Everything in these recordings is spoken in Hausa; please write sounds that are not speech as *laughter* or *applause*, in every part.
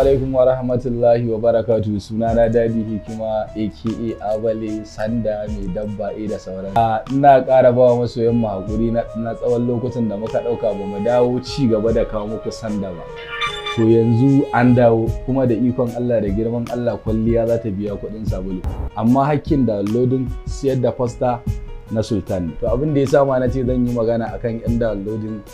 alaikum wa rahmatullahi wa barakatu suna na dadi hikima aka abale sanda mai dabba a da sauran ah, ina kara bawa masoyan mu hakuri na tsawon lokutan da muka ɗauka ba mu dawo ci gaba da kawo muku sanda ba to yanzu an dawo kuma da ikon Allah da girman Allah kwalliya za ta biya kuɗin sabulu amma hakkin loading siyar da fasta na sultan to abin da ya sa sama na ce zan yi magana akan yan downloading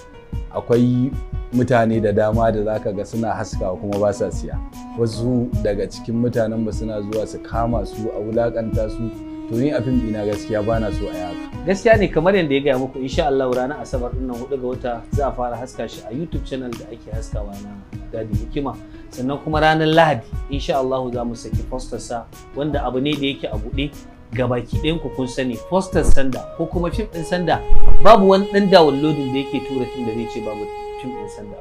akwai mutane da dama da zaka ga suna haska kuma ba sa siya wasu daga cikin mutanen ba suna zuwa su kama su a wulakanta su to ni a fim ɗina gaskiya ba na so a yaka gaskiya ne kamar yadda ya gaya muku insha Allah ranar asabar ɗin nan hudu ga wata za a fara haska shi a YouTube channel da ake haskawa na Dadi Hikima sannan kuma ranar Lahadi insha Allah za mu saki poster sa wanda abu ne da yake a buɗe gabaki ɗayan ku kun sani poster sanda ko kuma fim ɗin sanda babu wani ɗan downloading da yake tura tun da zai ce babu fim ɗin sanda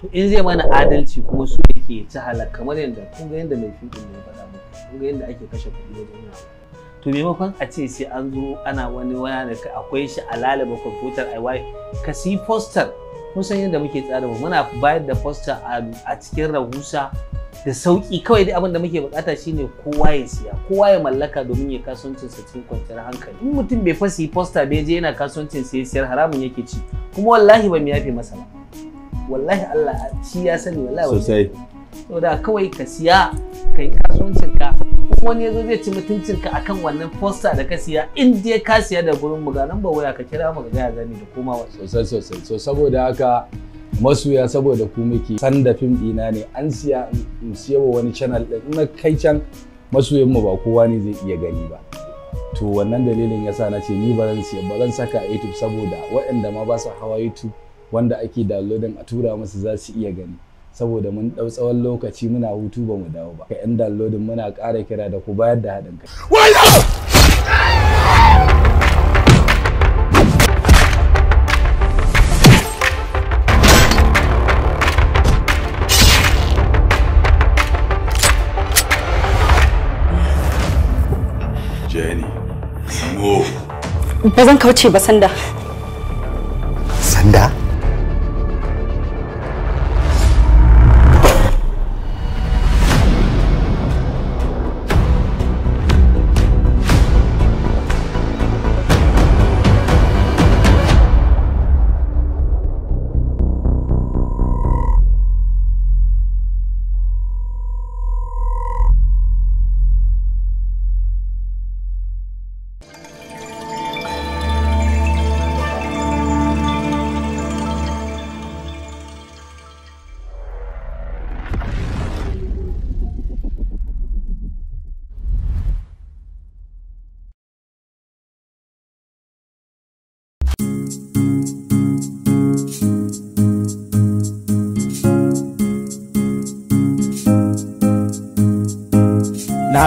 to in zai mana adalci kuma su yake ci halak kamar yadda kun ga yadda mai fim ɗin ya faɗa muku kun ga yadda ake kashe kuɗi wajen yin to maimakon a ce sai an zo ana wani waya da akwai shi a lalaba kwamfutar ai ka si poster kun san yadda muke tsara mu muna bayar da poster a cikin rahusa da sauki kawai dai abin da muke bukata shine kowa ya siya kowa ya mallaka domin ya kasuwancin sa cikin kwanciyar hankali in mutum bai fasi poster bai je yana kasuwancin sa ya siyar haramun yake ci kuma wallahi ba mu yafe masa ba wallahi Allah shi ya sani wallahi sosai saboda kawai ka siya ka yi kasuwancin ka wani ya zo zai ci mutuncin ka akan wannan poster da ka siya in dai ka siya da gurin mu ga nan ba waya ka kira mu ga ya zani da komawa sosai sosai so saboda haka masoya saboda ku muke san da fim ɗina ne an siya in siya wa wani channel ɗin na kai can masoyan mu ba kowa ne zai iya gani ba to wannan dalilin yasa na ce ni ba zan siya ba zan saka a YouTube saboda waɗanda ma ba su hawa YouTube wanda ake downloading a tura musu za su iya gani saboda mun ɗau tsawon lokaci muna hutu ba mu dawo ba ka 'yan downloading muna ƙara kira da ku bayar da haɗin kai. Ba zan kauce ba sanda. Sanda?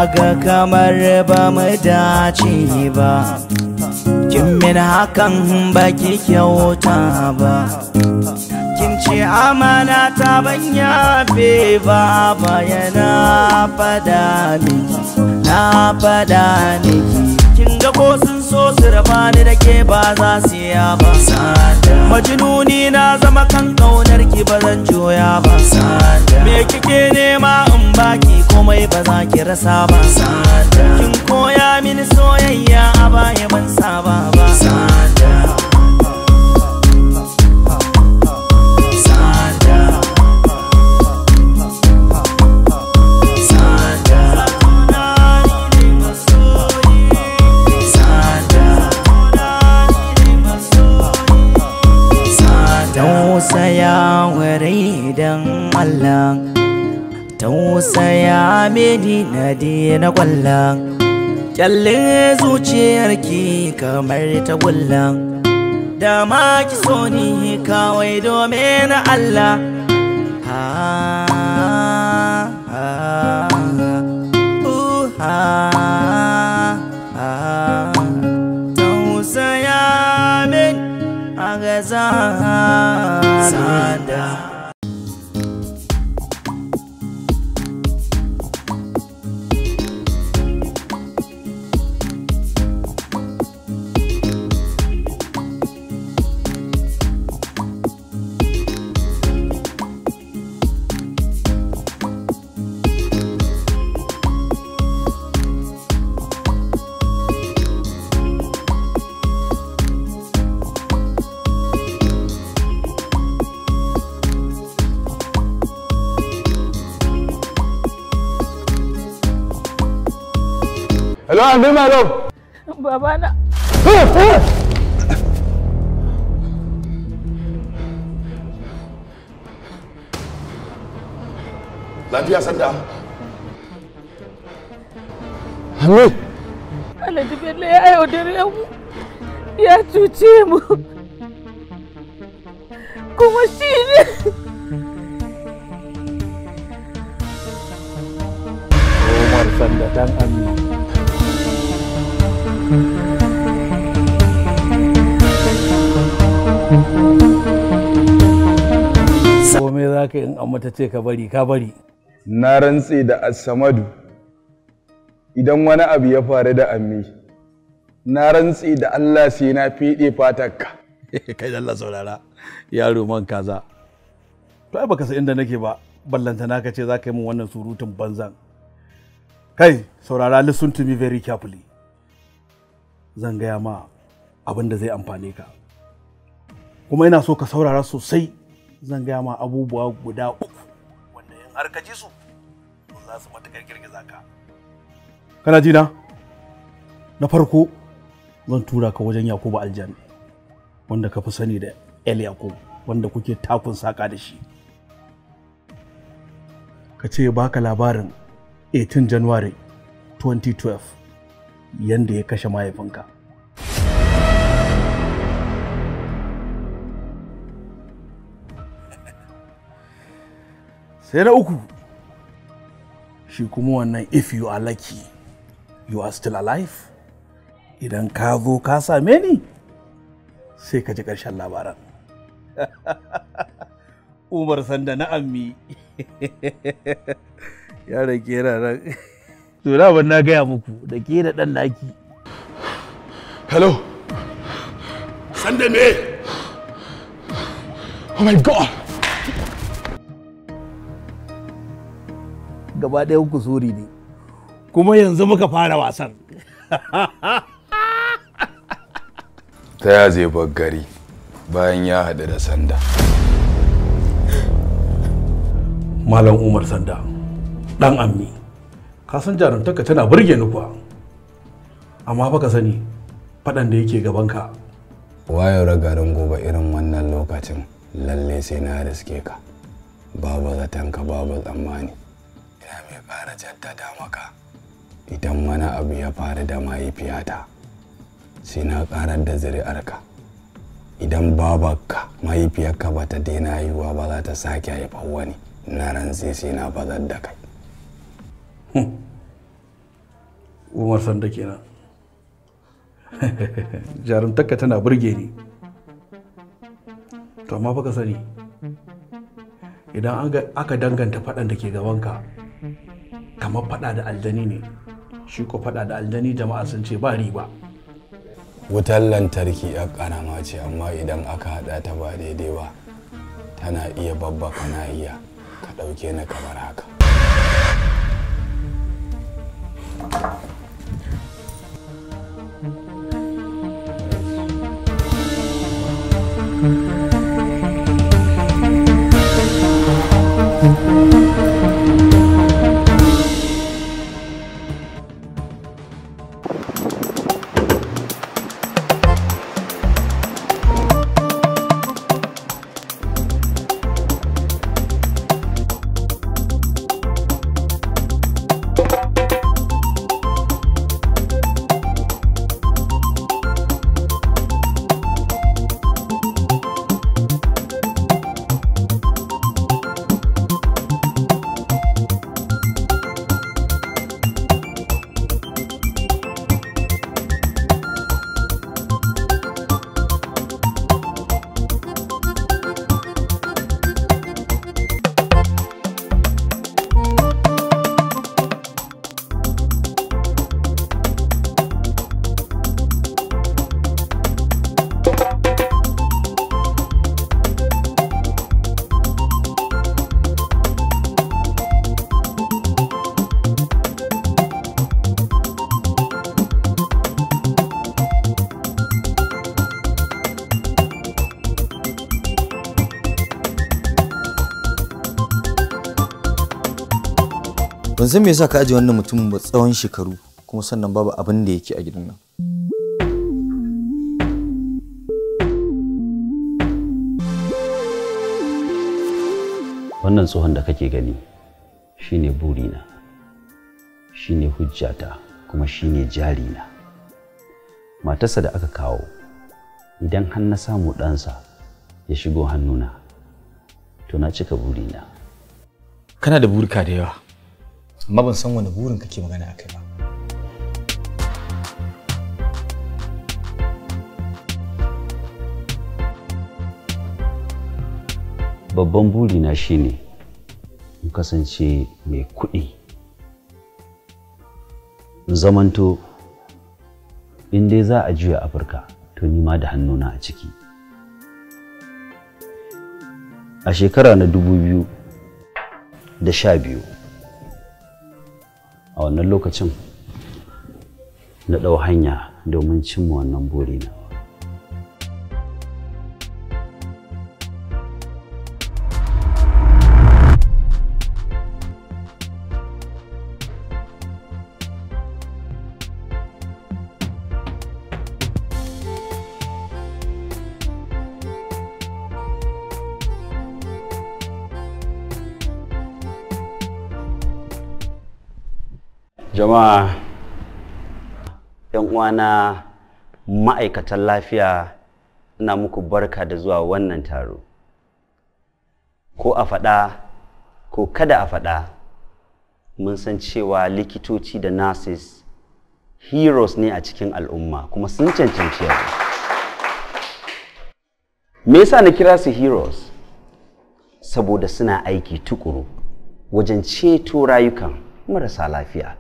kaga kamar ba mu dace ba kin min hakan ba ki kyauta ba kin ce amana ta ban yafe ba bayana fada ni na fada ni kin ga ko sun so su raba ni da ke ba za su ya ba majinuni na zama kan kaunar ki ba zan joya ba me kike nema in baki komai ba za ki rasa ba kin koya mini soyayya a baya ban saba ba tausaya medina na kwallon kyalle zuciyarki kamar ta gullan da ma ki so ni kawai domin Allah ah, min a gaza Abdul Malam. Babana. Lafiya sanda. Amin. Alhaji Bello ya yaudare mu. Ya cuce mu. Kuma shi ne. sanda dan amin komai za ka in amma ce ka bari ka bari na rantse da asamadu idan wani abu ya faru da ammi na rantse da allah sai na fiɗe fatarka *laughs* kai da allah saurara yaro man kaza to ai baka san inda nake ba ballanta na ka ce za ka yi min wannan surutun banzan kai saurara listen to me very carefully zan gaya ma abin da zai amfane ka kuma ina so ka saurara sosai zan gaya ma abubuwa guda uku wanda in har ka ji su za su matuƙar girgiza ka kana ji na na farko zan tura ka wajen yakubu aljani wanda ka fi sani da el yakubu wanda kuke takun saƙa da shi ka ce baka labarin 18 january 2012 Yanda ya kashe mahaifinka sai na uku shi kuma wannan if you are lucky you are still alive idan ka zo ka same ni sai ka ji ƙarshen labaran *laughs* umar sanda na ammi *laughs* ya rage yana nan to na gaya muku da ke da ɗan naki hello Sande me oh my god gaba ɗaya ku suri ne kuma yanzu muka fara wasan *laughs* ta ya zai gari bayan ya haɗu da sanda malam umar sanda ɗan ammi kasan san jarumtarka tana burge ni kuwa amma fa ka sani faɗan da yake gabanka wayo ragarin gobe irin wannan lokacin lalle sai na riske ka babu zatonka babu tsammani ina mai fara jaddada maka idan wani abu ya fara da mahaifiyata sai na karar da zuri'arka idan babarka mahaifiyarka ba ta daina haihuwa ba za ta sake haifar wani na rantse sai na bazar da kai umar sanda kenan *laughs* jarumtaka tana burge ni to amma ka sani idan aka danganta fadan da ke gabanka kamar fada da aljani ne shi ko fada da aljani jama'a sun ce ba riba wutar lantarki a karama ce amma idan aka hada ta ba daidai ba tana iya babba kana iya ka dauke na kamar haka Thank you. yanzu me yasa ka aje wannan mutumin ba tsawon shekaru kuma sannan babu abin da yake a gidan nan wannan tsohon da kake gani shine burina shine hujjata kuma shine jarina matarsa da aka kawo idan har na samu ɗansa ya shigo hannuna to na cika burina kana da burika da yawa amma ban san wani burin kake magana a kai ba babban burina shine in kasance mai kuɗi zamanto in dai za a juya afirka to nima da hannuna a ciki a shekara na dubu biyu da sha biyu a wannan lokacin na ɗau hanya domin cimma wannan burina jama'a yan uwana ma'aikatan lafiya ina muku barka da zuwa wannan taro ko a faɗa ko kada a faɗa mun san cewa likitoci da nurses heroes ne a cikin al'umma kuma sun cancanci yau me yasa na kira su heroes saboda suna aiki tukuru wajen ceto rayukan marasa lafiya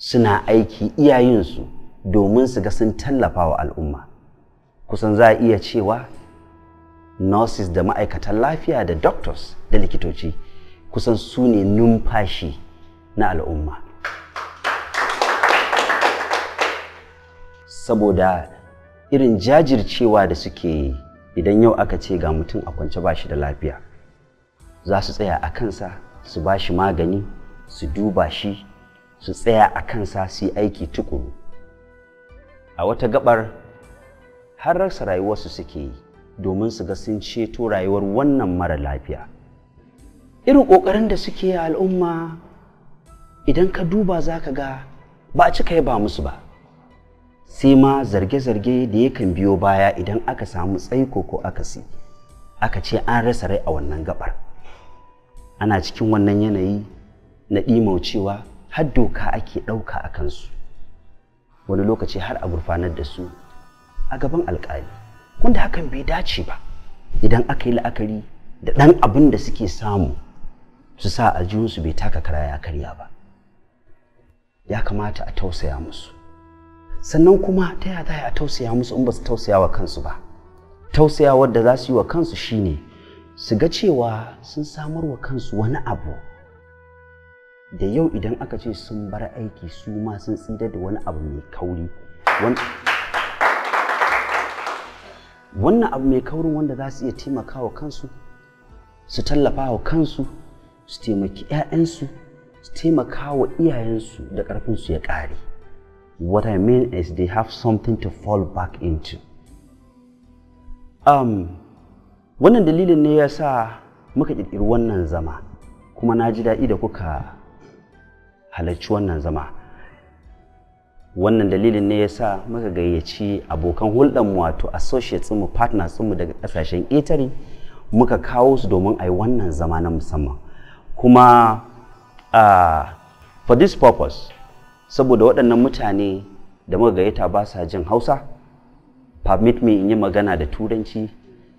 suna aiki iyayensu domin su ga sun tallafa wa al'umma kusan za a iya cewa nurses da ma'aikatan lafiya da doctors da likitoci kusan su ne numfashi na al'umma saboda irin jajircewa da suke yi idan yau aka ce ga mutum a kwance ba shi da lafiya za su tsaya a kansa su ba shi magani su duba shi su tsaya a kansa su yi aiki tukuru a wata gabar har rasa rayuwarsu suke yi domin su ga sun ceto rayuwar wannan mara lafiya irin ƙoƙarin da suke a al'umma idan ka duba za ka ga ba a cika yaba musu ba sai ma zarge-zarge da yakan biyo baya idan aka samu tsaiko ko aka akasi aka ce an rasa rai a wannan gabar ana cikin wannan yanayi na ɗimaucewa har doka ake ɗauka a kansu wani lokaci har a gurfanar da su a gaban alkali wanda hakan bai dace ba idan aka yi la'akari da ɗan abin da suke samu su sa a su bai taka kara ya karya ba ya kamata a tausaya musu sannan kuma ta ya za a tausaya musu in ba su tausaya wa kansu ba tausayawar da za su yi wa kansu shine su ga cewa sun samar wa kansu wani abu da yau idan aka ce sun bar aiki su ma sun tsira da wani abu mai kauri wannan abu mai kaurin wanda za su iya taimakawa kansu su tallafa wa kansu su taimaki 'ya'yansu su taimaka wa iyayensu da ƙarfinsu ya ƙare what i mean is they have something to fall back into um, wannan dalilin ne ya sa muka ƙirƙiri wannan zama kuma na ji daɗi da kuka halarci wannan zama wannan dalilin ne ya sa muka gayyaci abokan hulɗarmu wato associates mu partners mu daga ƙasashen ƙetare muka kawo su domin a yi wannan zama na musamman kuma uh, for this purpose saboda waɗannan mutane da muka gayyata ba sa jin hausa permit me in yi magana da turanci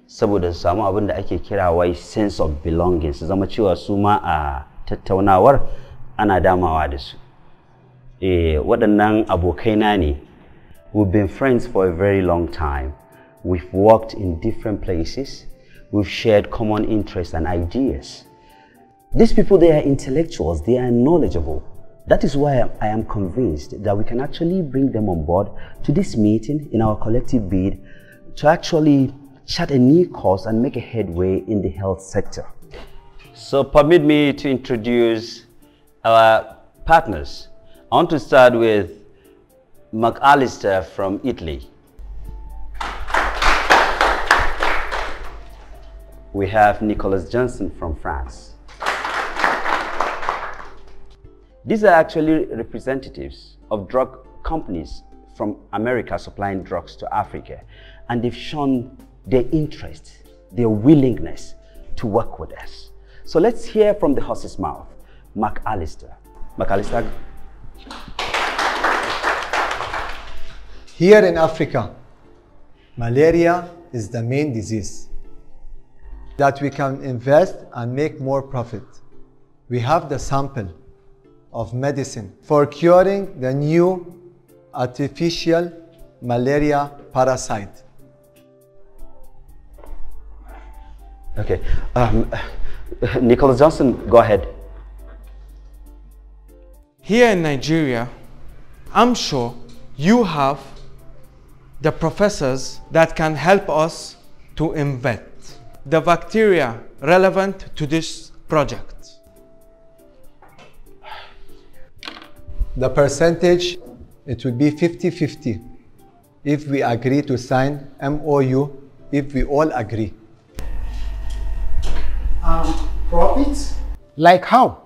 saboda su samu abin da ake kira wai sense of belonging su zama cewa su ma a tattaunawar ana damawa da su eh waɗannan abokaina ne we've been friends for a very long time we've worked in different places we've shared common interests and ideas these people they are intellectuals they are knowledgeable that is why I am convinced that we can actually bring them on board to this meeting in our collective bid to actually chart a new course and make a headway in the health sector. So permit me to introduce our partners. I want to start with McAllister from Italy. We have Nicholas Johnson from France. These are actually representatives of drug companies from America supplying drugs to Africa. And they've shown their interest, their willingness to work with us. So let's hear from the horse's mouth. McAllister. McAllister. Here in Africa, malaria is the main disease that we can invest and make more profit. We have the sample of medicine for curing the new artificial malaria parasite. Okay, um, Nicholas Johnson, go ahead here in Nigeria, I'm sure you have the professors that can help us to invent the bacteria relevant to this project. The percentage, it would be 50-50 if we agree to sign MOU, if we all agree. Um, profits? Like how?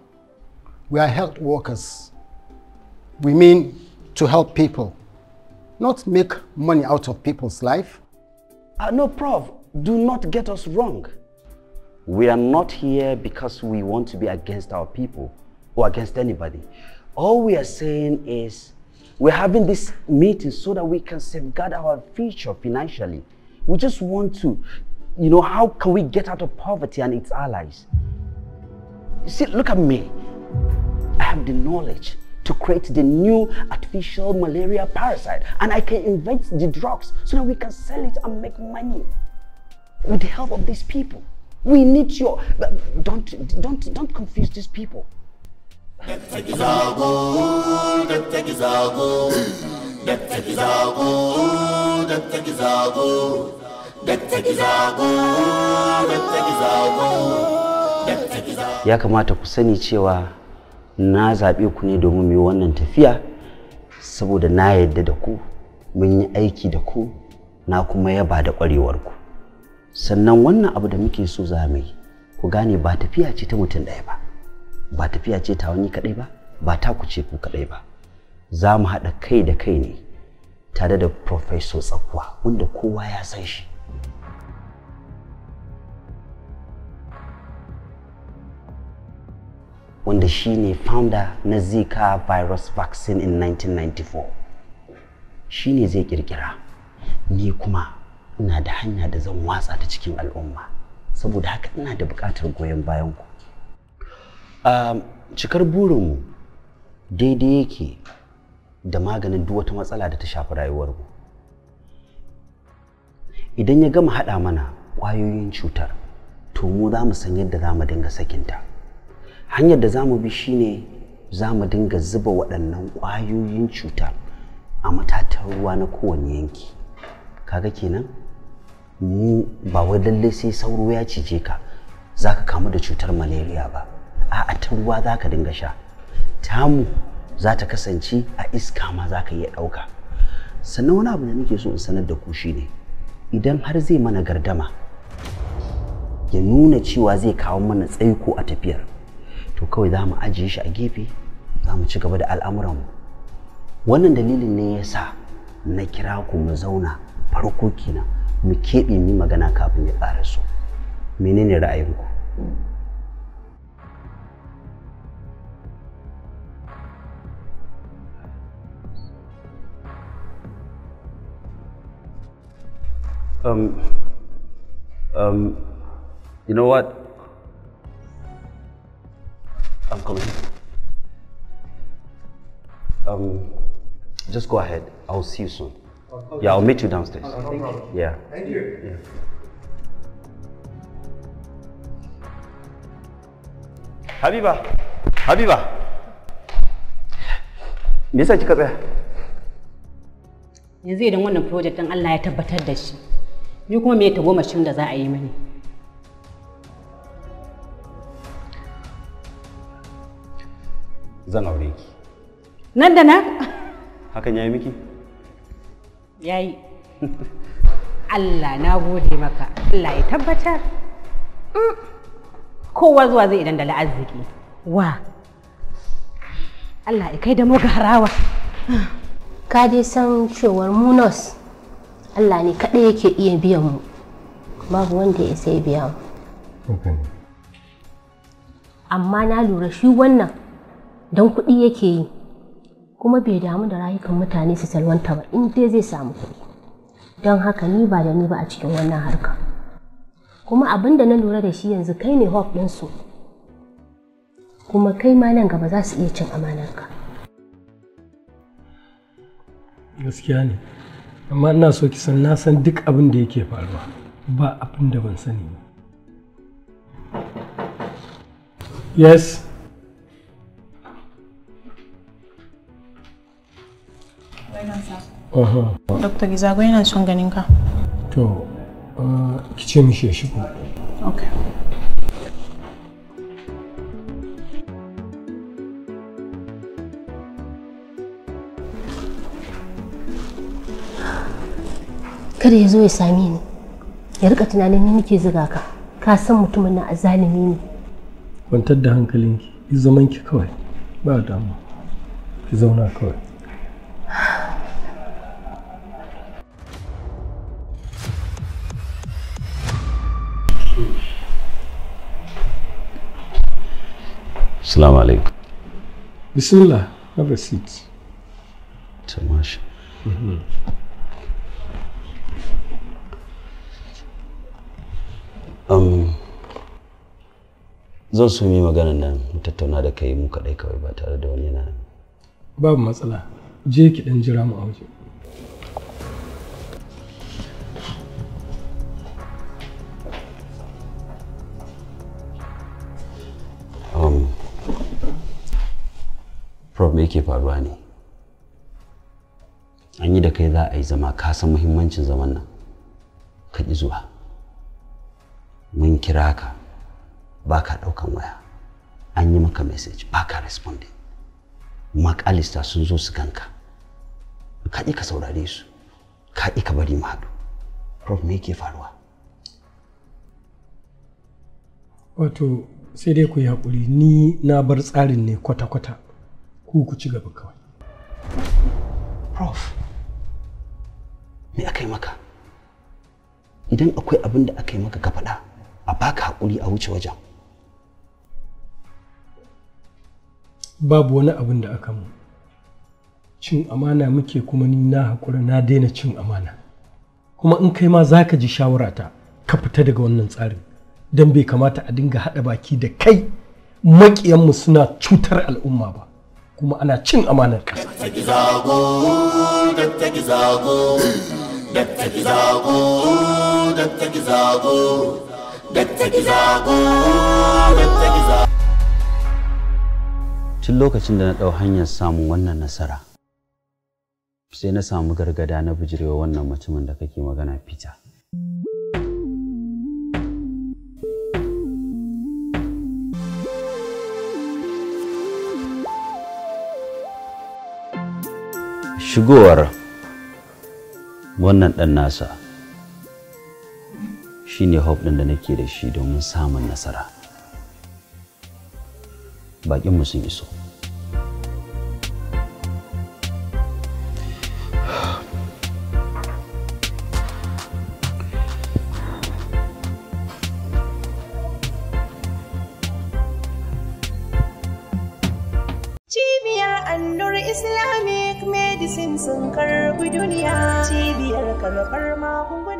We are health workers. We mean to help people, not make money out of people's life. Uh, no, Prof, do not get us wrong. We are not here because we want to be against our people or against anybody. All we are saying is we're having this meeting so that we can safeguard our future financially. We just want to, you know, how can we get out of poverty and its allies? You see, look at me. I have the knowledge to create the new artificial malaria parasite and I can invent the drugs so that we can sell it and make money with the help of these people. We need your don't don't don't confuse these people. Ya kamata ku sani na zaɓe ku ne domin mu yi wannan tafiya saboda na yadda da ku mun yi aiki da ku na kuma yaba da ku sannan wannan abu da muke so za mu yi ku gane ba tafiya ce ta mutum ɗaya ba ba tafiya ce ta wani kaɗai ba ba ta ku ce ku kaɗai ba za mu haɗa kai da kai ne tare da Professor Tsakuwa wanda kowa ya san shi wanda ne founder na zika virus vaccine in 1994 shi ne zai kirkira ni kuma ina da hanya da zan watsa ta cikin al'umma saboda haka ina da bukatar goyon bayan ku um, cikar burinmu daidai yake da maganin duk wata matsala da ta shafi rayuwarmu idan ya gama haɗa mana ƙwayoyin cutar to mu za mu san yadda za mu dinga sakinta. hanyar da za mu bi shine za mu dinga zuba waɗannan ƙwayoyin cuta a matatan ruwa na kowane yanki kaga kenan mu ba wai lalle sai sauro ya cije ka za ka kamu da cutar malaria ba a ta ruwa za ka dinga sha tamu za ta kasance a iska ma za ka iya ɗauka sannan wani abu da nake so in sanar da ku ne idan har zai mana gardama ya nuna cewa zai kawo mana tsaiko a tafiyar to kawai za mu ajiye shi a gefe za mu ci gaba da mu wannan dalilin ne ya sa na kira ku mu zauna farko kenan mu keɓe mu magana kafin ya ƙara so menene ra'ayinku um, um, you know what I'm coming. Um, just go ahead. I'll see you soon. Okay. Yeah, I'll meet you downstairs. No, no problem. Yeah. Thank you. Yeah. Habiba, Habiba, me yasa kika tsaya? Yanzu idan wannan project din Allah ya tabbatar da shi, ni kuma me ta goma da za a yi mani? zan aure ki nan da nan hakan yayi miki yayi Allah na gode maka Allah ya tabbatar mm. kowa zuwa zai idan da arziki. wa Allah ya kai da mu ga harawa ka dai san cewar munos Allah ne kaɗai yake iya biyan mu babu wanda ya sai biya mu amma na lura shi wannan don kuɗi yake yi kuma bai damu da rayukan mutane su salwanta ba in dai zai samu kuɗi don haka ni ba da ni ba a cikin wannan harka kuma abin da na lura da shi yanzu kai ne hawk ɗinsu kuma kai ma nan gaba za su iya cin amanarka gaskiya ne amma ina so ki san na san duk abin da yake faruwa ba abin da ban sani ba yes Dr. Gizago yana son ganin ka. To, ki ce mishi ya shigo. Kada ya zo ya same ni. Ya rika tunanin ni nake zuga ka. Ka san mutumin na azalimi ne. Kwantar da hankalinki, ki zaman kawai. Ba damu. Ki zauna kawai. Assalamu alaikum. Bismillah, have a seat. Tamashi. Um, zan so mu yi magana nan tattauna da kai mu kaɗai kawai ba tare da wani yana. Babu matsala, je ki ɗan jira mu a waje. prof yake faruwa ne an yi da kai za a yi zama ka san muhimmancin zaman nan ka ƙi zuwa mun kira ka ba ka ɗaukan waya an yi maka message ba ka responding makalista sun zo su ganka ka ƙi ka saurare su ka ƙi ka bari mu prof yake faruwa wato sai dai ku yi haƙuri ni na bar tsarin ne kwata-kwata ku ku ci gaba kawai prof me aka yi maka idan akwai abin da aka yi maka ka faɗa a baka haƙuri a wuce wajen babu wani abin da aka mu cin amana muke kuma ni na haƙura na daina cin amana kuma in kai ma za ka ji shawarata ka fita daga wannan tsarin don bai kamata a dinga haɗa baki da kai maƙiyanmu suna cutar al'umma ba kuma ana cin amanar ƙasa. Tun lokacin da na ɗau hanyar samun wannan nasara, sai na samu gargada na bijirewa wannan mutumin da kake magana fita. shigowar wannan ɗan nasa shine ne ɗin da nake da shi domin samun nasara baƙinmu sun iso Cibiyar Annur Islamic cibiyar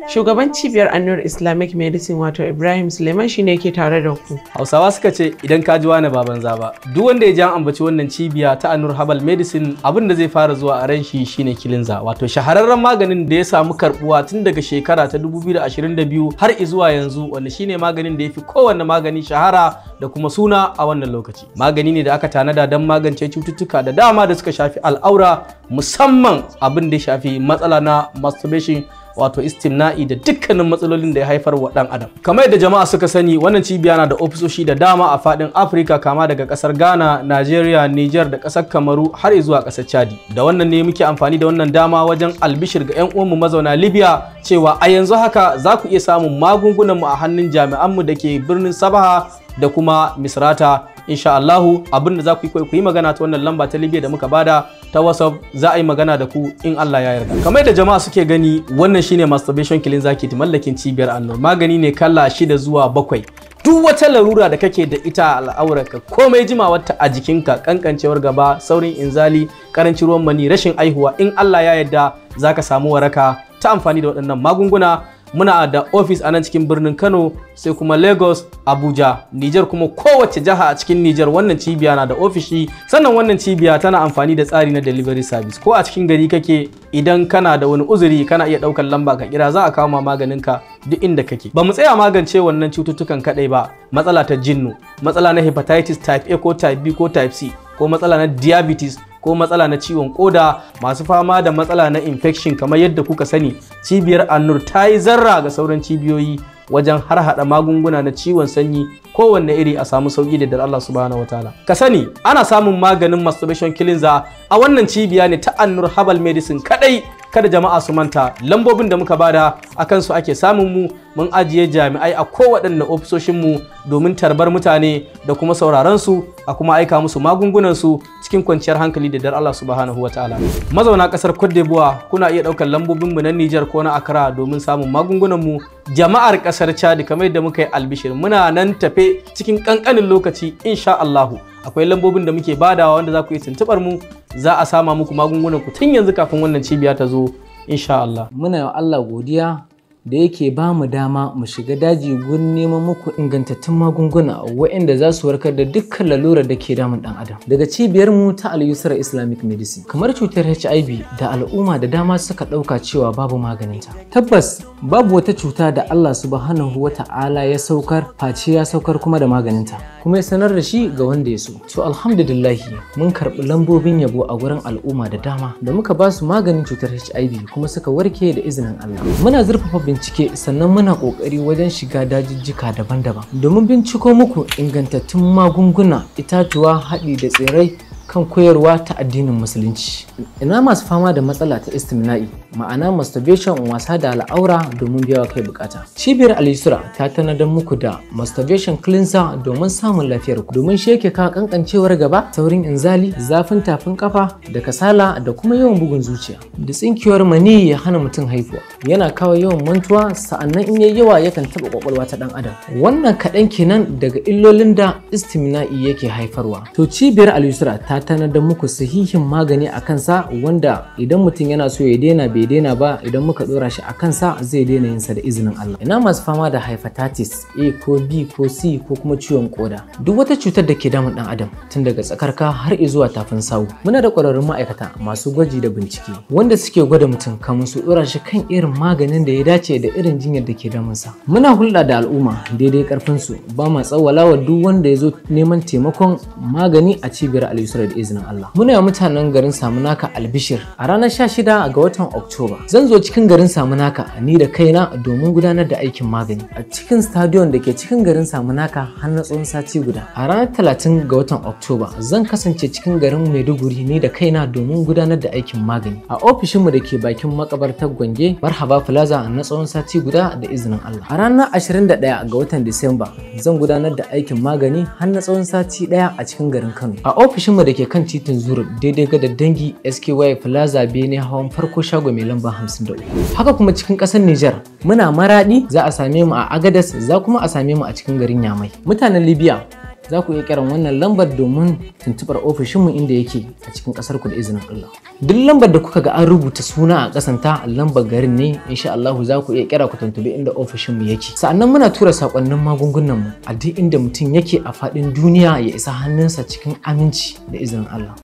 Shugaban cibiyar Annur Islamic Medicine wato Ibrahim Suleiman shi ne ke tare da ku. Hausawa suka ce idan ka ji wani baban ba. Duk wanda ya ji an ambaci wannan cibiya ta Annur Herbal Medicine abin da zai fara zuwa a ran shi shine kilinza wato shahararren maganin da ya samu karbuwa tun daga shekara ta 2022 har izuwa yanzu wanda shine maganin da ya fi kowanne magani shahara da kuma suna a wannan lokaci. Magani ne da aka tanada don magance cututtuka da dama da suka shafi al'aura musamman musamman abin da ya shafi matsala na masturbation wato istimna'i da dukkanin matsalolin da ya haifar wa dan adam kamar yadda jama'a suka sani wannan cibiya na da ofisoshi da dama a fadin afirka kama daga kasar ghana nigeria niger da kasar kamaru har zuwa kasar chadi da wannan ne muke amfani da wannan dama wajen albishir ga yan uwanmu mazauna libya cewa a yanzu haka za ku iya samun magungunan mu a hannun jami'anmu da ke birnin sabaha da kuma misrata insha Allahu abin za ku yi ku yi magana ta wannan lamba ta Libya da muka bada ta WhatsApp za a yi magana da ku in Allah ya yarda kamar da jama'a suke gani wannan shine masturbation killing zaki ta mallakin cibiyar annor magani ne kala shida zuwa bakwai duk wata larura da kake da ita a al'aurarka komai jimawarta a jikinka kankancewar gaba saurin inzali karancin ruwan mani rashin aihuwa in Allah ya yarda zaka samu waraka ta amfani da waɗannan magunguna muna da ofis a nan cikin birnin kano sai kuma lagos abuja niger kuma kowace jaha a cikin niger wannan cibiya na da ofishi sannan wannan cibiya tana amfani da tsari na delivery service ko a cikin gari kake idan kana da wani uzuri kana iya ɗaukar lamba ka kira za a kawo ma maganinka duk inda kake ba mu tsaya magance wannan cututtukan kadai ba matsala ta jinnu matsala na hepatitis type a ko type b ko type c ko matsala na diabetes ko matsala na ciwon koda masu fama da matsala na infection kamar yadda kuka sani cibiyar annur ta yi zarra ga sauran cibiyoyi wajen har hada magunguna na ciwon sanyi kowanne iri a samu sauki da Allah subhanahu wataala ka sani ana samun maganin masturbation cleanser a wannan cibiya ne ta annur herbal medicine kadai kada jama'a su manta lambobin da muka bada akan su ake samun mu mun ajiye jami'ai a kowaɗanne ofisoshinmu domin tarbar mutane da kuma sauraron a kuma aika musu magungunan su cikin kwanciyar hankali da dar Allah subhanahu wa ta'ala. Mazauna ƙasar Cote d'Ivoire kuna iya ɗaukar lambobin mu na Nijar ko na Accra domin samun magungunan mu. Jama'ar ƙasar Chad kamar yadda muka yi albishir muna nan tafe cikin ƙanƙanin lokaci insha Allahu. Akwai lambobin da muke badawa wanda za ku yi tuntuɓar mu za a sama muku magungunanku tun yanzu kafin wannan cibiya ta zo insha Allah. Muna Allah godiya da yake ba mu dama mu shiga daji gurin neman muku ingantattun magunguna waɗanda za su warkar da dukkan lalurar da ke damun ɗan adam daga cibiyar mu ta al-yusra islamic medicine kamar cutar hiv da al'umma da dama suka ɗauka cewa babu maganinta tabbas babu wata cuta da allah subhanahu wa ta'ala ya saukar face ya saukar kuma da maganinta kuma ya sanar da shi ga wanda ya so to alhamdulillahi mun karɓi lambobin yabo a gurin al'umma da dama da muka ba su maganin cutar hiv kuma suka warke da izinin allah muna zurfafa bincike sannan muna ƙoƙari wajen shiga dajijjika daban-daban domin binciko muku ingantattun magunguna itatuwa haɗi da tsirai kan koyarwa ta addinin musulunci ina masu fama da matsala ta istimna'i ma'ana masturbation wasa da al'aura domin biya kai bukata cibiyar alisura ta tanadar muku da masturbation cleanser domin samun lafiyar ku domin sheke ka kankancewar gaba saurin inzali zafin tafin kafa da kasala da kuma yawan bugun zuciya da tsinkiyar mani ya hana mutum haihuwa yana kawo yawan mantuwa sa'annan in yayi yawa yakan taɓa kwakwalwa ta dan adam wannan kaɗan kenan daga illolin da istimna'i yake haifarwa to cibiyar alisura ta tanadar muku sahihin magani a kansa wanda idan mutum yana so ya daina bai daina ba idan muka dora shi a kansa zai daina yinsa da izinin Allah. Ina masu fama da hepatitis A ko B ko C ko kuma ciwon koda. Duk wata cutar da ke damun dan adam tun daga tsakarka har zuwa tafin sawu. Muna da ƙwararrun ma'aikata masu gwaji da bincike wanda suke gwada mutum kamun su dora shi kan irin maganin da ya dace da irin jinyar da ke sa Muna hulɗa da al'umma daidai su ba ma tsawalawa duk wanda ya zo neman taimakon magani a cibiyar al da izinin Allah muna mutanen garin Samunaka albishir a ranar 16 ga watan Oktoba zan zo cikin garin Samunaka ni da kaina domin gudanar da aikin magani a cikin stadion da ke cikin garin Samunaka har na tsawon sati guda a ranar 30 ga watan Oktoba zan kasance cikin garin Maiduguri ni da kaina domin gudanar da aikin magani a ofishinmu da ke bakin makabartar Gwange Marhaba Plaza na tsawon sati guda da izinin Allah a ranar 21 ga watan Disamba zan gudanar da aikin magani har na tsawon sati daya a cikin garin Kano a ofishinmu da da ke kan titin zuru daidai ga dangi SKY Plaza Bene hawan farko shago mai lamba 53. Haka kuma cikin ƙasar Nijar muna maradi za a same mu a Agadez za kuma a same mu a cikin garin Yamai. Mutanen Libya za ku iya kiran wannan lambar domin tuntubar ofishinmu inda yake a cikin kasar ku da izinin Allah. Duk lambar da kuka ga an rubuta suna a ta lambar garin ne insha Allah za ku iya kira ku tuntubi inda ofishinmu yake. Sa'annan muna tura sakonnin magungunan mu a duk inda mutum yake a faɗin duniya ya isa hannunsa cikin aminci da izinin Allah.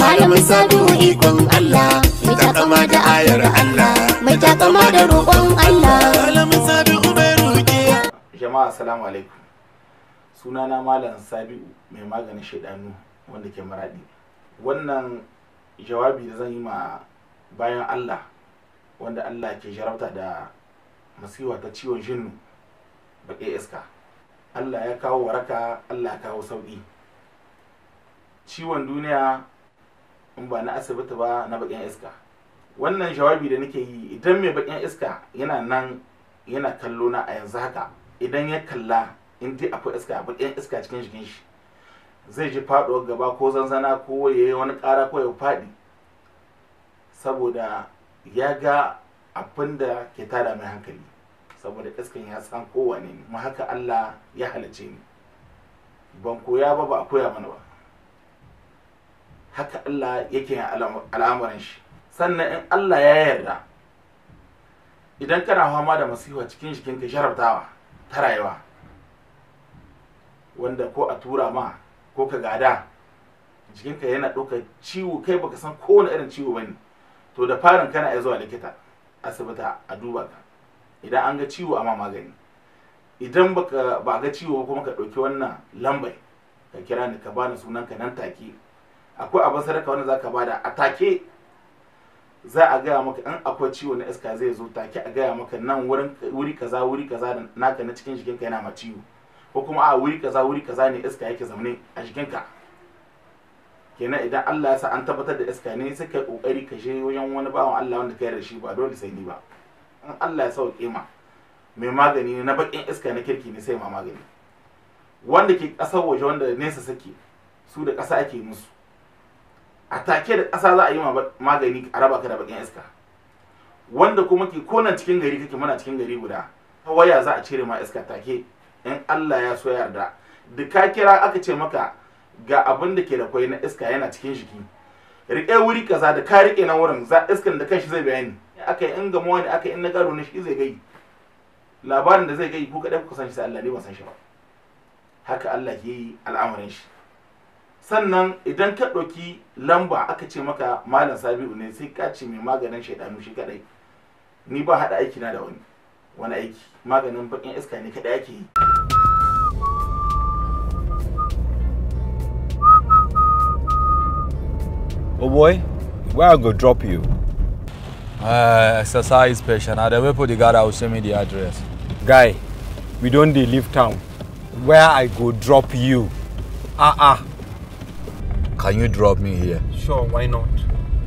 Malamin sadu ikon Allah, mai takama da ayar Allah, mai takama da roƙon Allah. Malamin sadu Jama'a salamu alaikum. sunana malam sabi'u mai maganin shaidanu wanda ke maradi wannan jawabi da zan yi ma bayan allah wanda allah ke jarabta da masiwa ta ciwon jinnu baƙi iska allah ya kawo waraka allah ya kawo sauƙi ciwon duniya in ba na asibiti ba na baƙin iska wannan jawabi da nake yi idan mai baƙin iska yana nan yana kallo na a yanzu haka idan ya kalla in dai akwai iska abu ɗayan iska cikin jikin shi zai ji faɗuwar gaba ko zanzana ko ya yi wani ƙara ko ya faɗi saboda ya ga abin da ke tada mai hankali saboda iskan ya san kowane ne ma haka Allah ya halice ni ban koya ba ba a koya mana ba haka Allah yake yin al'amuran shi sannan in Allah ya yarda idan kana fama da masifa cikin jikinka jarabtawa ta rayuwa wanda ko a tura ma ko ka gada jikinka yana ɗaukar ciwo kai baka san kowane irin ciwo bane to da farin kana ya zuwa likita asibita a duba ka idan an ga ciwo ma magani idan baka ba ga ciwo kuma ka ɗauki wannan lambai ka kira ni ka bani sunan ka nan take akwai abin sadaka wanda zaka bada a take za a gaya maka in akwai ciwo na iska zai zo take a gaya maka nan wuri kaza wuri kaza naka na cikin jikinka yana ma ciwo ko kuma a wuri kaza wuri kaza ne iska yake zaune a jikinka kenan idan Allah ya sa an tabbatar da iska ne sai kai kokari ka je wajen wani bawan Allah wanda kai da shi ba dole sai ni ba in Allah ya sauke ma mai magani ne na bakin iska na kirki ne sai ma magani wanda ke kasar waje wanda nesa sake su da kasa ake musu a take da kasa za a yi magani a raba ka da bakin iska wanda kuma ke konan cikin gari kake muna cikin gari guda ta waya za a cire ma iska take in Allah ya so yarda da ka kira aka ce maka ga abin da ke da kwai na iska yana cikin jiki riƙe wuri kaza da ka riƙe na wurin za iskan da kanshi zai bayani aka yi in gamo ne aka yi in na garo ne shi zai gai labarin da zai gai ku kaɗai kuka san shi sai Allah ne ban san shi ba haka Allah ke yi al'amarin shi sannan idan ka ɗauki lamba aka ce maka malam sabi'u ne sai ka ce mai maganin shaidanu shi kaɗai ni ba haɗa aikina da wani wani aiki maganin bakin iska ne kaɗai ake Oh boy, where I go drop you? Uh, exercise patient. I the wait for the guy that will send me the address. Guy, we don't leave town. Where I go drop you? Ah uh ah. -uh. Can you drop me here? Sure, why not?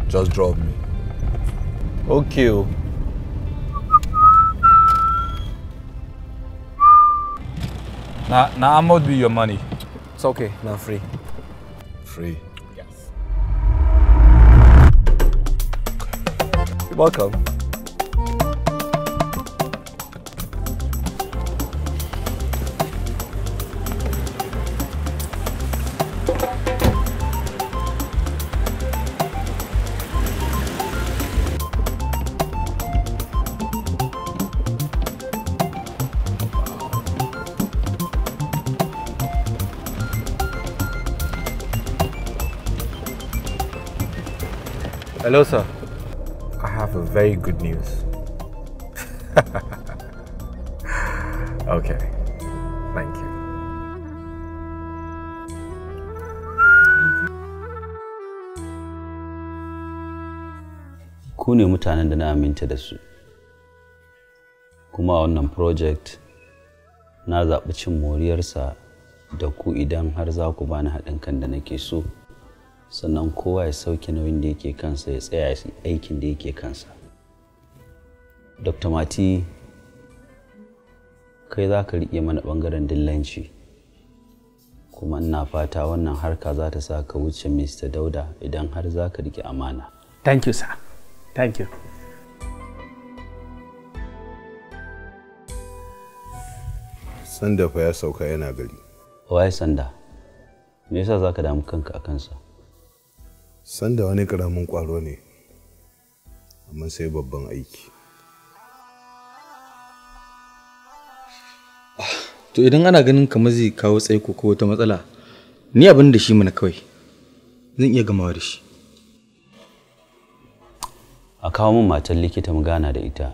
Just drop me. Okay. Oh. Now, now am out with your money? It's okay, now free. Free? Yes. Welcome. Hello, sir. I have a very good news. *laughs* okay. Thank you. Ku ne mutanen da na aminta da su. Kuma wannan project na zaɓi cin moriyarsa da ku idan har za ku bani haɗin kan da nake so. sannan kowa ya sauke nauyin da yake kansa ya tsaya ya aikin da yake kansa dr mati kai za ka riƙe mana ɓangaren dillanci kuma ina fata wannan harka za ta sa ka wuce mr dauda idan har za ka riƙe amana thank you sir thank you sanda fa ya sauka yana gari Wai sanda me yasa za ka damu kanka a kansa sanda wani ƙaramin kwaro ne amma sai babban aiki to idan ana ganin kamar zai kawo tsaiko ko wata matsala ni abin da shi mana kawai zan iya gamawa da shi a kawo min matar likita mu gana da ita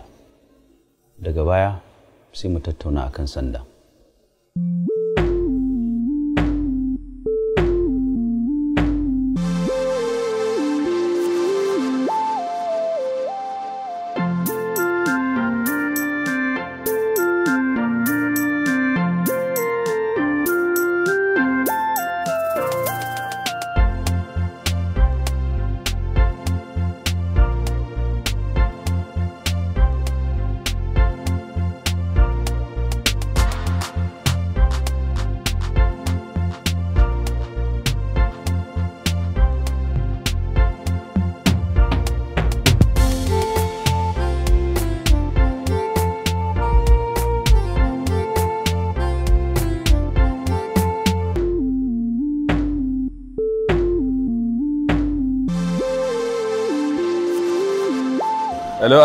daga baya sai mu tattauna akan sanda.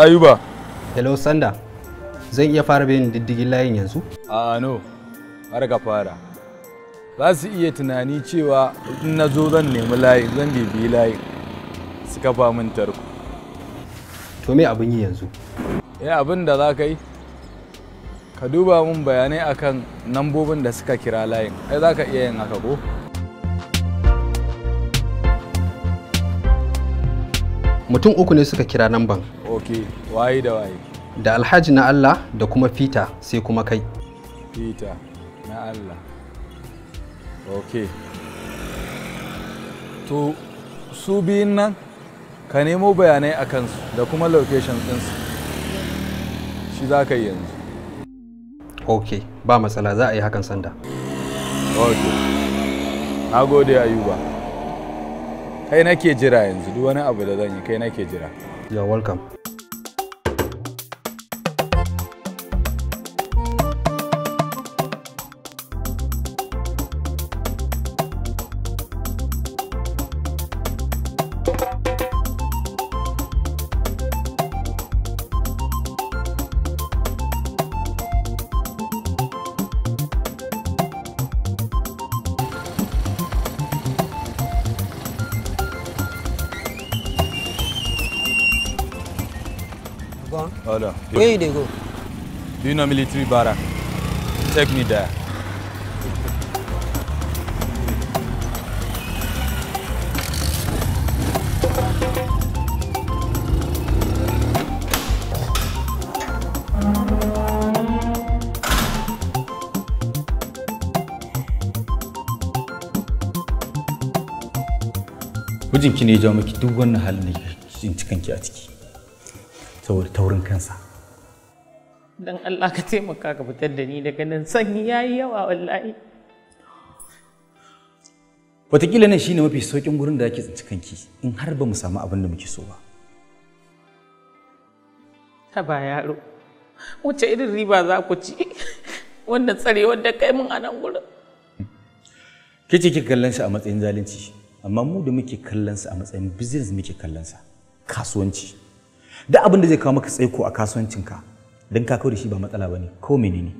ayuba hello sanda zan iya fara bin diddigin layin yanzu a no har ka fara za su iya tunani cewa in na zo zan nemi layi zan bibi layi suka ba min tarko to me abin yi yanzu eh abin da za ka yi ka duba min bayanai akan nambobin da suka kira layin ai za ka iya yin haka ko mutum uku ne suka kira namban ok waye da waye da alhaji na allah da kuma fita sai kuma kai fita na allah ok to su biyun nan ka nemo bayanai a kansu da kuma location ɗinsu shi za ka yi yanzu ok ba matsala za a yi hakan sanda ok na gode ayuba kai nake jira yanzu duk wani abu da zan yi kai nake jira you are welcome Hold on. Here. Where they go? Do you know military barrack? Take me there. Gujin kine jawo miki duk wannan halin ki a saboda taurin kansa dan Allah ka taimaka ka fitar da ni daga nan sanyi yi yawa wallahi Wataƙila nan shine mafi sauƙin wurin da ake tsinci kanki in har ba mu samu abin da muke so ba. Ta ba yaro, wace irin riba za ku ci wanda tsare wadda kai mun a nan gurin. ce kika kallon shi a matsayin zalunci, amma mu da muke kallon sa a matsayin business muke kallon sa, kasuwanci. duk abin da zai kawo maka tsaiko a kasuwancinka don ka kawo da shi ba matsala ba ne ko ne.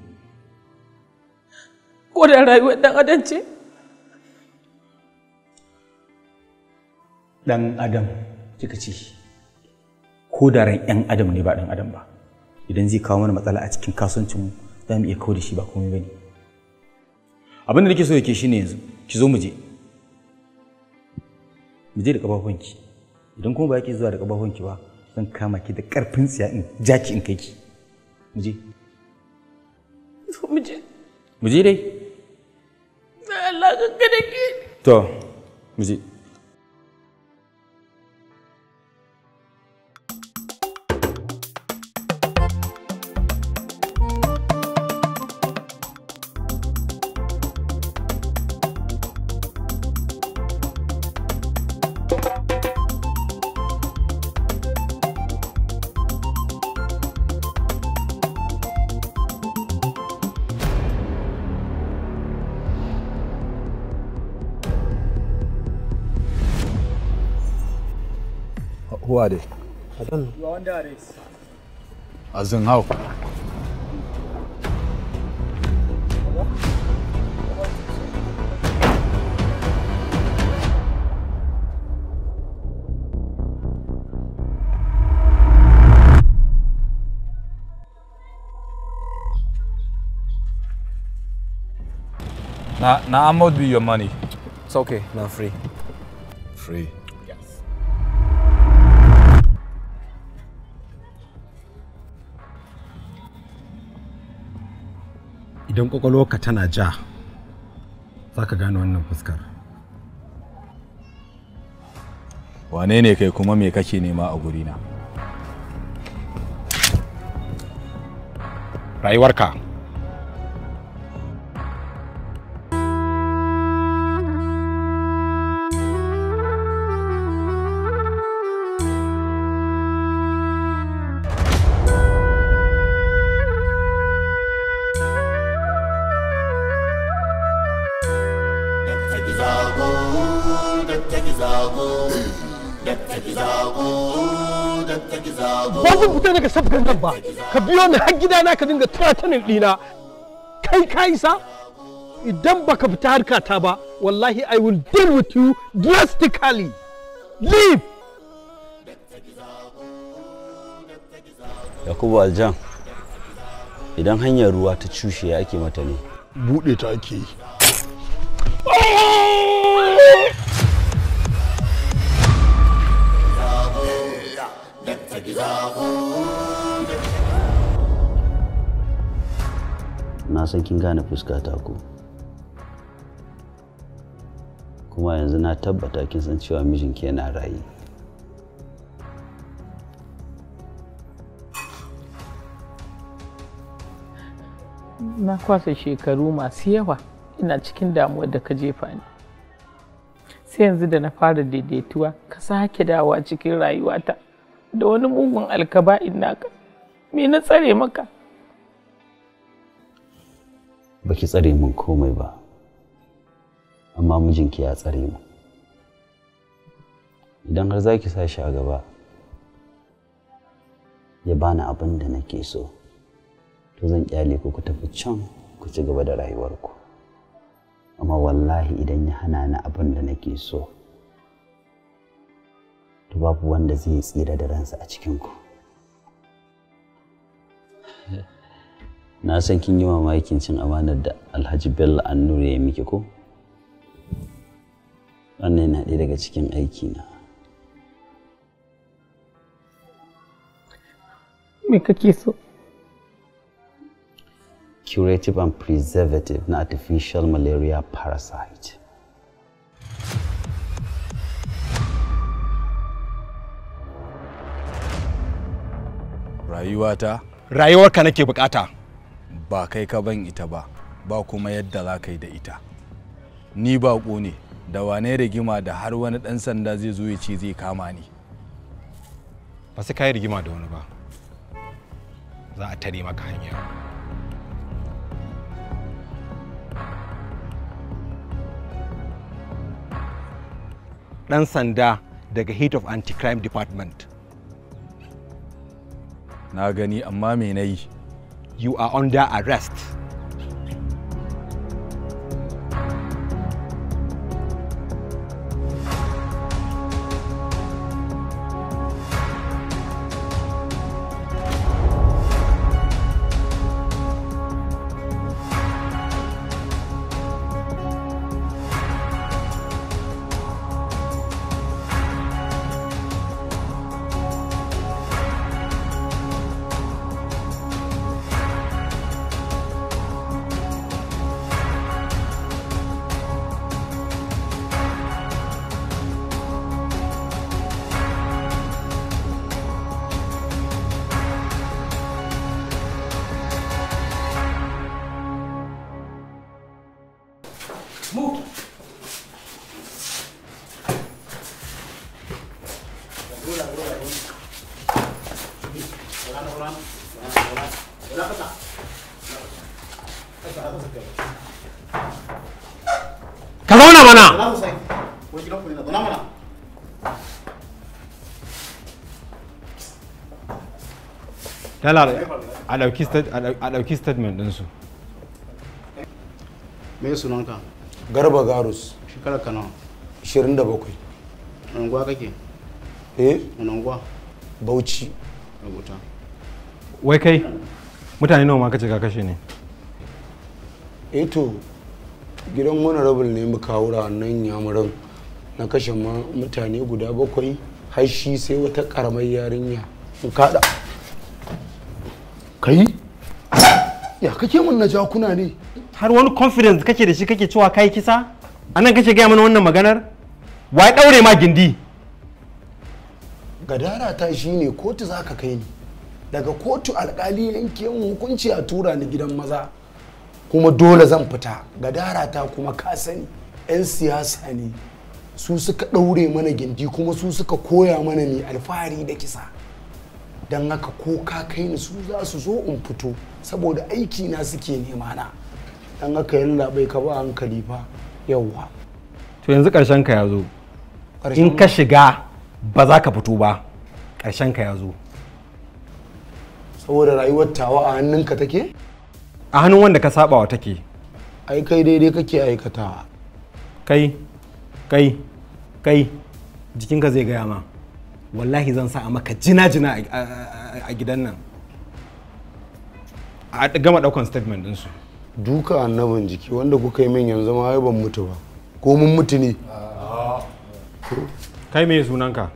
ko da rayuwar dan adam ce dan adam kika ce ko da ran yan adam ne ba dan adam ba idan zai kawo mana matsala a cikin kasuwancin za mu iya kawo da shi ba komai ba ne abin da nake so yake shine yanzu ki zo mu je mu je da kafafunki idan kuma ba yake zuwa da kafafunki ba zan kama ki da ƙarfin tsiya in jaki in kai ki mu je mu je mu je dai Allah ka kada ki to mu je Who I don't know. You're under arrest. As in how? Now, now I'm out with your money. It's okay, now free. Free? idan ƙwaƙwalwarka tana ja za ka gane wannan fuskar wane ne kai kuma me kake nema a gurina rayuwarka nan ba ka biyo ni har gidana ka dinga tunatanin ɗina kai ka isa idan baka fita harka ta ba wallahi i will deal with you drastically leave yakubu aljan idan hanyar ruwa ta cushe ake mata ne bude ta ake yi na san kin gane fuskata ko kuma yanzu na tabbata kin san cewa mijinki yana raye na kwasa shekaru masu yawa ina cikin damuwar da ka jefa ni sai yanzu da na fara daidaituwa ka sake dawa cikin rayuwata da wani mugun alkaba'in naka me na tsare maka baki tsare min komai ba amma mijinki ya tsare mu idan har zaki ki sa shi a gaba ya bani abin da nake so to zan kyale ku ku tafi can ku ci gaba da rayuwarku amma wallahi idan ya hana ni abin da nake so to babu wanda zai tsira da ransa a cikinku. Yeah. *laughs* na san kin yi mamakin cin amanar da alhaji bello annure ya miki ko wannan yana ɗaya daga cikin aiki na me kake so curative and preservative na artificial malaria parasite rayuwata rayuwarka nake bukata ba kai ka ban ita ba ba kuma yadda za ka yi da ita ni baƙo ne da wane rigima da har wani ɗan sanda zai zo ya ce zai kama ni ba sai ka yi rigima da wani ba za a tare maka hanya ɗan sanda daga head of anti-crime department na gani amma me na yi you are under arrest. zauna mana a ɗauki statement ɗinsu me sunanka garba garus shekarar ka 27 unguwa kake eh unguwa bauchi rubuta wai kai mutane nawa ma kace ka kashe ne eh to gidan honorable ne muka kawo nan yamuran na kashe mutane guda bakwai har shi sai wata karamar yarinya in kada kai ya kake mun na jakuna ne har wani confidence kake da shi kake cewa kai kisa anan kake gaya mana wannan maganar wai daure ma gindi gadara ta shi ne kotu zaka kai ni daga kotu alkali yanke hukunci a tura ni gidan maza kuma dole zan fita gadara ta kuma ka sani 'yan siyasa ne su suka ɗaure mana gindi kuma su suka koya mana ne alfahari da kisa don haka ko ka kai ni su za su zo in fito saboda aiki na suke nema na don haka yin labai ka ba hankali ba yauwa to yanzu ƙarshen ka ya zo in ka shiga ba za ka fito ba ƙarshen ka ya zo saboda rayuwar tawa a hannunka take a hannun wanda ka sabawa take ai kai daidai kake aikatawa kai kai kai jikinka zai gaya ma wallahi zan sa a maka jina-jina a gidan nan a gama daukan statement su. duka annabin jiki wanda kuka yi min yanzu ma ban mutu ba ko mun mutu ne kai me sunanka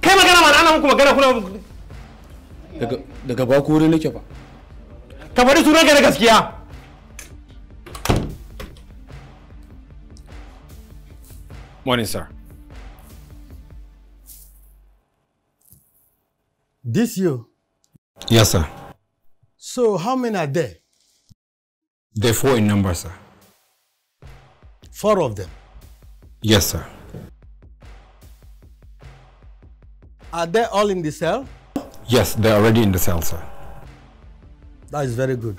kai magana ma ana muku magana kuna daga bakuri nake ba ka faɗi sunan ka morning sir this you yes sir so how many are there they're four in number sir four of them yes sir Are they all in the cell? Yes, they're already in the cell, sir. That is very good.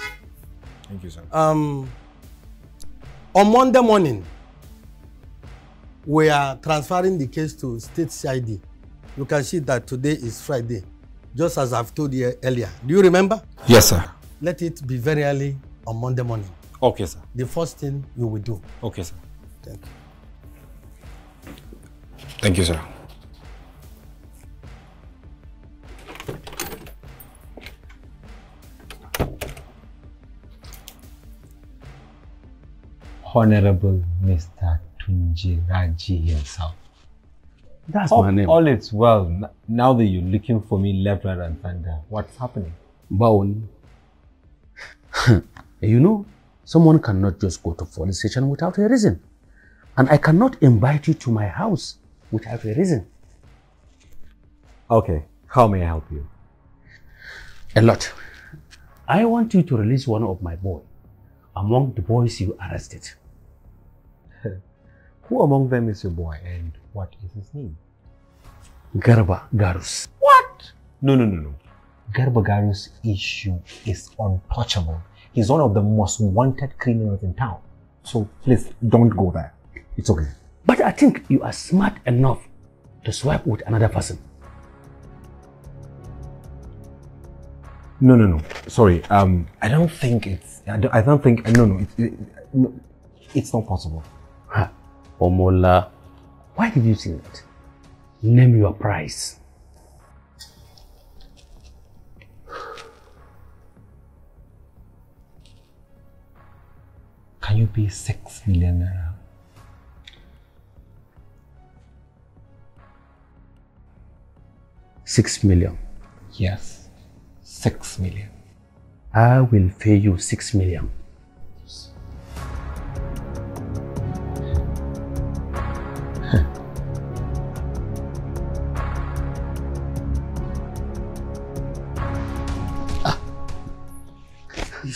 Thank you, sir. Um, on Monday morning, we are transferring the case to state CID. You can see that today is Friday, just as I've told you earlier. Do you remember? Yes, sir. Let it be very early on Monday morning. Okay, sir. The first thing you will do. Okay, sir. Thank you. Thank you, sir. Honorable Mr. Raji himself. That's all, my name. All is well. Now that you're looking for me left, right, and center, what's happening? Bowen. *laughs* you know, someone cannot just go to police station without a reason. And I cannot invite you to my house without a reason. Okay, how may I help you? A lot. I want you to release one of my boy among the boys you arrested. Who among them is your boy and what is his name? Garba Garus. What? No, no, no, no. Garba Garus' issue is untouchable. He's one of the most wanted criminals in town. So please don't go there. It's okay. But I think you are smart enough to swipe with another person. No, no, no. Sorry. Um, I don't think it's. I don't, I don't think. No, no. It, it, no. It's not possible. Omola, why did you say that? Name your price. Can you pay 6 million naira? Six million. Yes, six million. I will pay you six million.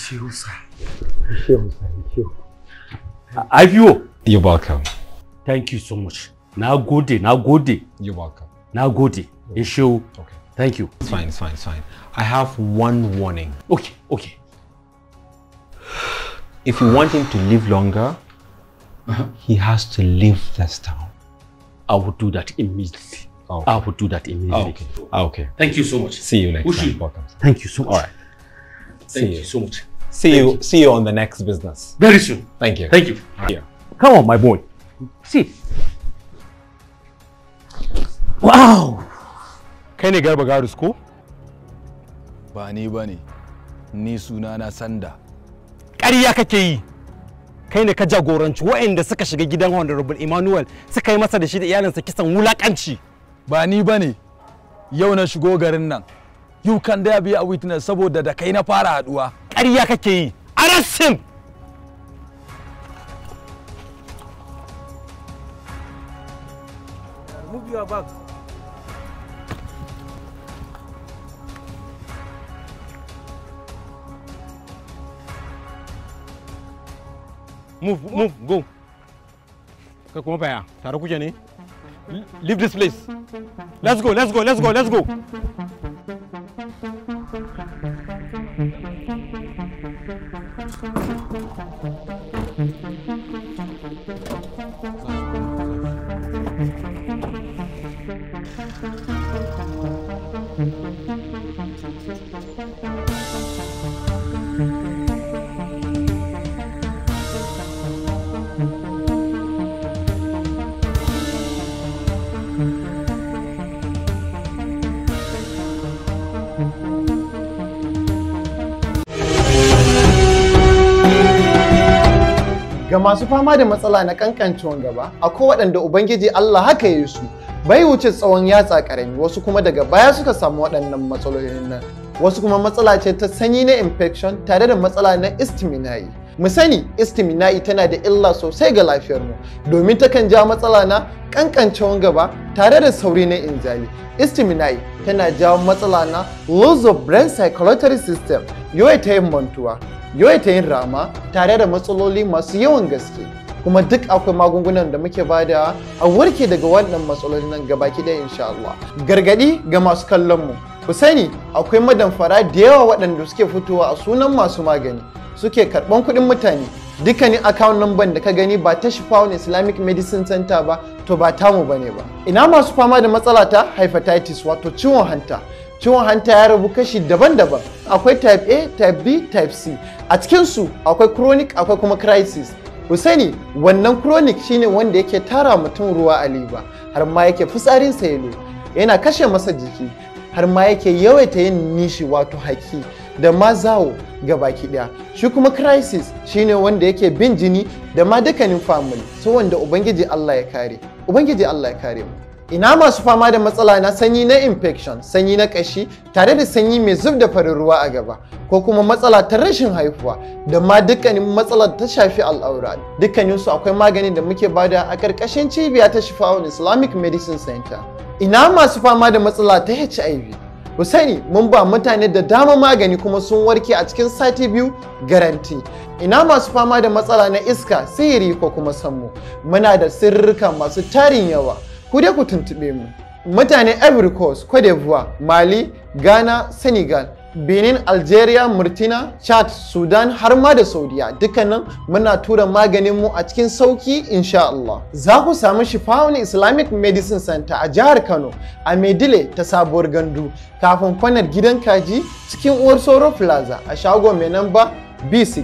Shehu sir. Shehu sir, Shehu. IPO. You're welcome. Thank you so much. Now goody. now goody. You're welcome. Now goody. Issue. Okay. Thank you. It's fine, it's fine, it's fine. I have one warning. Okay, okay. If you want him to live longer, uh -huh. he has to leave this town. I will do that immediately. okay. I will do that immediately. okay. Ah, okay. Thank you so much. See you next Ushi. time. Welcome. Thank you so much. All right. Thank you. you so much. See you, you. See you on the next business. Very soon. Thank you. Thank you. Yeah. Come on, my boy. See. Wow. Kai ne Garba Garus ko? Ba ni ba ne. Ni suna na Sanda. Ƙarya kake yi. Kai ne ka jagoranci waɗanda suka shiga gidan Honorable Emmanuel suka yi masa da shi da iyalinsa kisan wulakanci. Ba ni ba ne. Yau na shigo garin nan. You can there be a witness saboda da kai na fara haɗuwa. ƙarya kake yi arasim move move move go kai kuma baya tare kuke ne leave this place let's go let's go let's go let's go Thank you. Ga masu fama da matsala na kankancewan gaba, akwai waɗanda Ubangiji Allah haka ya yi su, bai wuce tsawon yatsa ƙarami, wasu kuma daga baya suka samu waɗannan matsalolin nan. Wasu kuma matsala ce ta sanyi na infection tare da matsala na istimina'i. Mu sani istimina'i tana da illa sosai ga lafiyarmu, domin takan ja matsala na kankancewan gaba tare da sauri na injali. Istimina'i tana jawo matsala na loss of brain circulatory system, yawaita yin mantuwa, Yau yawaita yin rama tare da matsaloli masu yawan gaske kuma duk akwai magungunan da muke bada a warke daga wannan matsalolin nan gabaki ɗaya insha Allah gargadi ga masu kallon mu ku sani akwai madamfara da yawa waɗanda suke fitowa a sunan masu magani suke karɓan kuɗin mutane dukkanin account number da ka gani ba ta Shifawun Islamic Medicine Center ba to ba tamu bane ba ina masu fama da matsala ta hepatitis wato ciwon hanta ciwon hanta ya rabu kashi daban-daban akwai type a type b type c a cikinsu akwai chronic akwai kuma crisis ku sani wannan chronic shine wanda yake tara mutum ruwa a liba har ma yake fitsarin yalo yana kashe masa jiki har ma yake yawaita yin nishi wato haki da ma zawo ga baki daya shi kuma crisis shine wanda yake bin jini da ma dukkanin family so wanda ubangiji Allah ya kare ubangiji Allah ya kare mu Ina masu fama da matsala na sanyi na infection, sanyi na ƙashi, tare da sanyi mai zub da farin ruwa a gaba, ko kuma matsala ta rashin haihuwa, da ma dukkanin matsalar ta shafi al'aura. Dukkaninsu akwai maganin da muke bada a karkashin cibiya ta Shifa'un Islamic Medicine Center. Ina masu fama da matsala ta HIV, ku sani mun ba mutane da dama magani kuma sun warke a cikin sati biyu garanti ina masu fama da matsala na iska sihiri ko kuma sammu muna da sirrika masu tarin yawa ku dai ku tuntuɓe mu mutane ivory coast cote d'ivoire mali ghana senegal benin algeria murtina chad sudan har ma da saudiya dukkanin muna tura maganin mu a cikin sauki insha Allah za ku samu shifawun islamic medicine center a jihar kano a medile ta sabuwar gandu kafin kwanar gidan kaji cikin uwar soro plaza a shago mai namba b6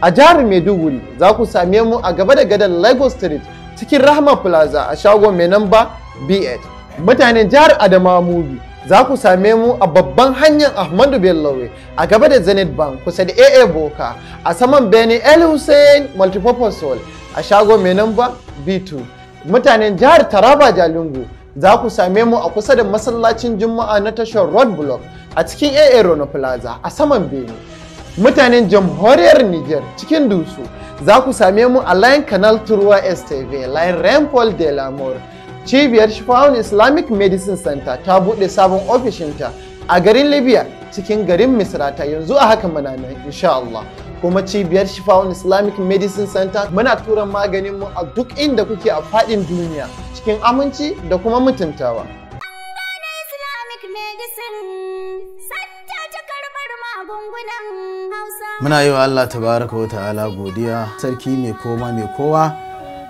a jihar maiduguri za ku same mu a gaba da gadan lagos street cikin Rahma Plaza a shagon mai namba B8. Mutanen jihar adama Mubi za ku same mu a babban hanyar Ahmadu Bellowe a gaba da Zenith Bank kusa da AA Boka a saman Bene El Hussein Multipurpose Hall a shagon mai namba B2. Mutanen jihar Taraba Jalingo za ku same mu a kusa da masallacin Juma'a na tashar Road Block a cikin AA Rono Plaza a saman Bene. Mutanen jamhuriyar Niger cikin Dusu za ku same mu a Line Canal Turwa STV, Line Rainfall de la mor. Cibiyar Shifawun Islamic Medicine Center ta buɗe sabon ofishinta a garin Libya cikin garin Misrata yanzu a haka muna nan insha Allah. Kuma cibiyar Shifawun Islamic Medicine Center muna tura maganin mu a duk inda kuke a faɗin duniya cikin aminci da kuma mutuntawa. Muna yi wa Allah tabaraka wa ta'ala godiya sarki mai koma mai kowa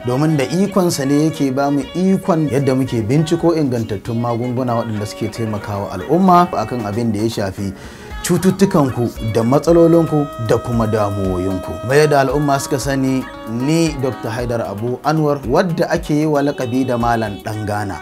domin da ikonsa ne yake ba mu ikon yadda muke binciko ingantattun magunguna waɗanda suke taimakawa al'umma akan abin da ya shafi cututtukanku da matsalolinku da kuma damuwoyinku. Mai da al'umma suka sani ni Dr. Haidar Abu Anwar wadda ake yi wa lakabi da Malam Ɗan Ghana.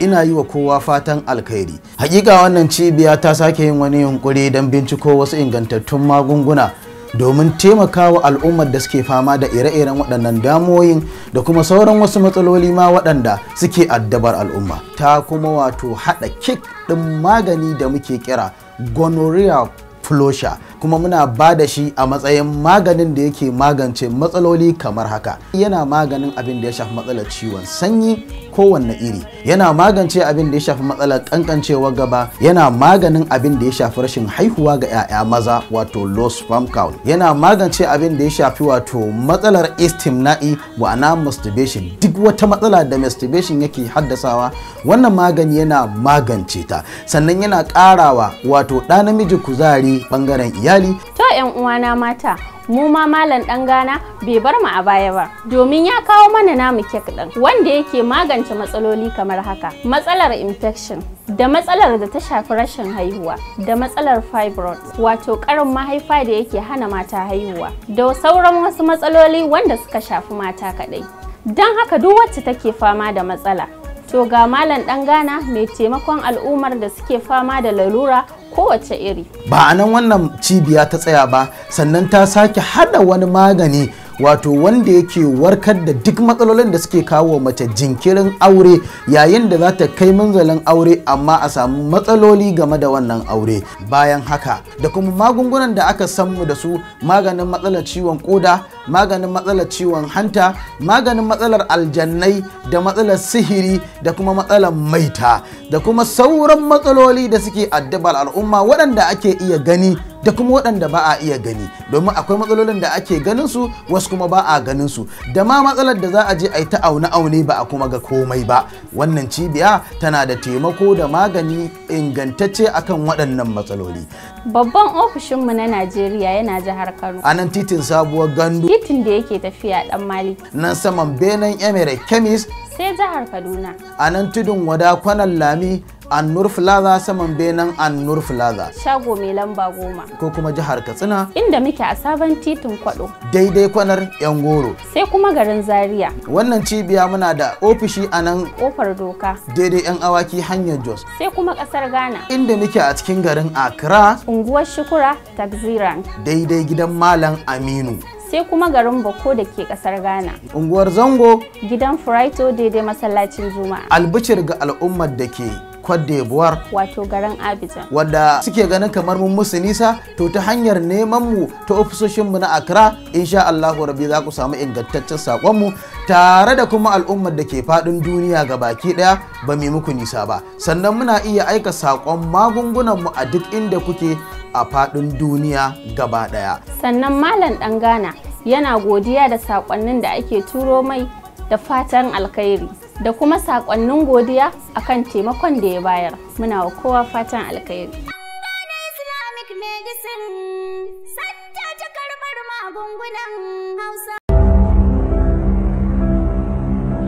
ina yi wa kowa fatan alkhairi hakika wannan cibiya ta sake yin wani yunkuri don binciko wasu ingantattun magunguna domin taimakawa al'ummar da suke fama da ire-iren waɗannan damoyin da kuma sauran wasu matsaloli ma waɗanda suke addabar al'umma ta kuma wato haɗa kik ɗin magani da muke kira gonorrhea flosha kuma muna ba da shi a matsayin maganin da yake magance matsaloli kamar haka yana maganin abin da ya shafi matsalar ciwon sanyi kowanne iri yana magance abin da ya shafi matsalar kankancewar gaba yana maganin abin da ya shafi rashin haihuwa ga 'ya'ya maza wato low sperm count yana magance abin da ya shafi wato matsalar istimna'i wa'ana masturbation duk wata matsala da masturbation yake haddasawa wannan magani yana magance ta sannan yana karawa wato ɗa namiji kuzari bangaren iyali to 'yan uwana mata mu ma malam dan gana bai bar mu a baya ba domin ya kawo mana namu kek din wanda yake magance matsaloli kamar haka matsalar infection da matsalar da ta shafi rashin haihuwa da matsalar fibroid wato karin mahaifa da yake hana mata haihuwa da sauran wasu matsaloli wanda suka shafi mata kadai don haka duk wacce take fama da matsala to ga malam dan gana mai taimakon al'ummar da suke fama da lalura kowace iri ba a nan wannan cibiya ta tsaya ba sannan ta sake hada wani magani wato wanda yake warkar da duk matsalolin da suke kawo mace jinkirin aure yayin da za ta kai manzalin aure amma a samu matsaloli game da wannan aure bayan haka da kuma magungunan da aka san mu da su maganin matsalar ciwon koda maganin matsalar ciwon hanta maganin matsalar aljannai da matsalar sihiri da kuma matsalar maita da kuma sauran matsaloli da suke addabar al'umma waɗanda ake iya gani da kuma waɗanda ba a iya gani domin akwai matsalolin da ake ganin su wasu kuma ba a ganin su da ma matsalar da za a je a yi ta aune aune ba a kuma ga komai ba wannan cibiya tana da taimako da magani ingantacce akan waɗannan matsaloli Babban ofishinmu na Najeriya yana jihar Kano. A nan titin sabuwar gandu. Titin da yake tafiya dan Mali. Nan saman benen Emirate Kemis. Sai jihar Kaduna. A nan tudun wada kwanan Lami Annur Plaza saman benen Annur Plaza. Shago mai lamba goma. Ko kuma jihar Katsina. Inda muke a sabon titin Kwado. Daidai kwanar Yan Goro. Sai kuma garin Zaria. Wannan cibiya muna da ofishi a nan. Kofar Doka. Daidai 'yan awaki hanyar Jos. Sai kuma ƙasar Ghana. Inda muke a cikin garin Accra. unguwar shukura takziran daidai gidan malam aminu sai kuma garin Bako da ke kasar Ghana. Unguwar Zango gidan Furaito daidai masallacin Juma'a. Albicir ga al'ummar da ke Côte d'Ivoire wato garin Abidjan wanda suke ganin kamar mun musu nisa to ta hanyar neman mu ta ofisoshin mu na Accra insha Allah rabi za ku samu ingantaccen sakon mu tare da kuma al'ummar da ke fadin duniya ga baki daya ba mu muku nisa ba sannan muna iya aika sakon magungunan mu a duk inda kuke a fadin duniya gaba daya sannan malam dan Ghana yana godiya da sakonnin da ake turo mai da fatan alkhairi da kuma saƙonnin godiya a kan taimakon da ya bayar muna wa kowa fatan alkhairi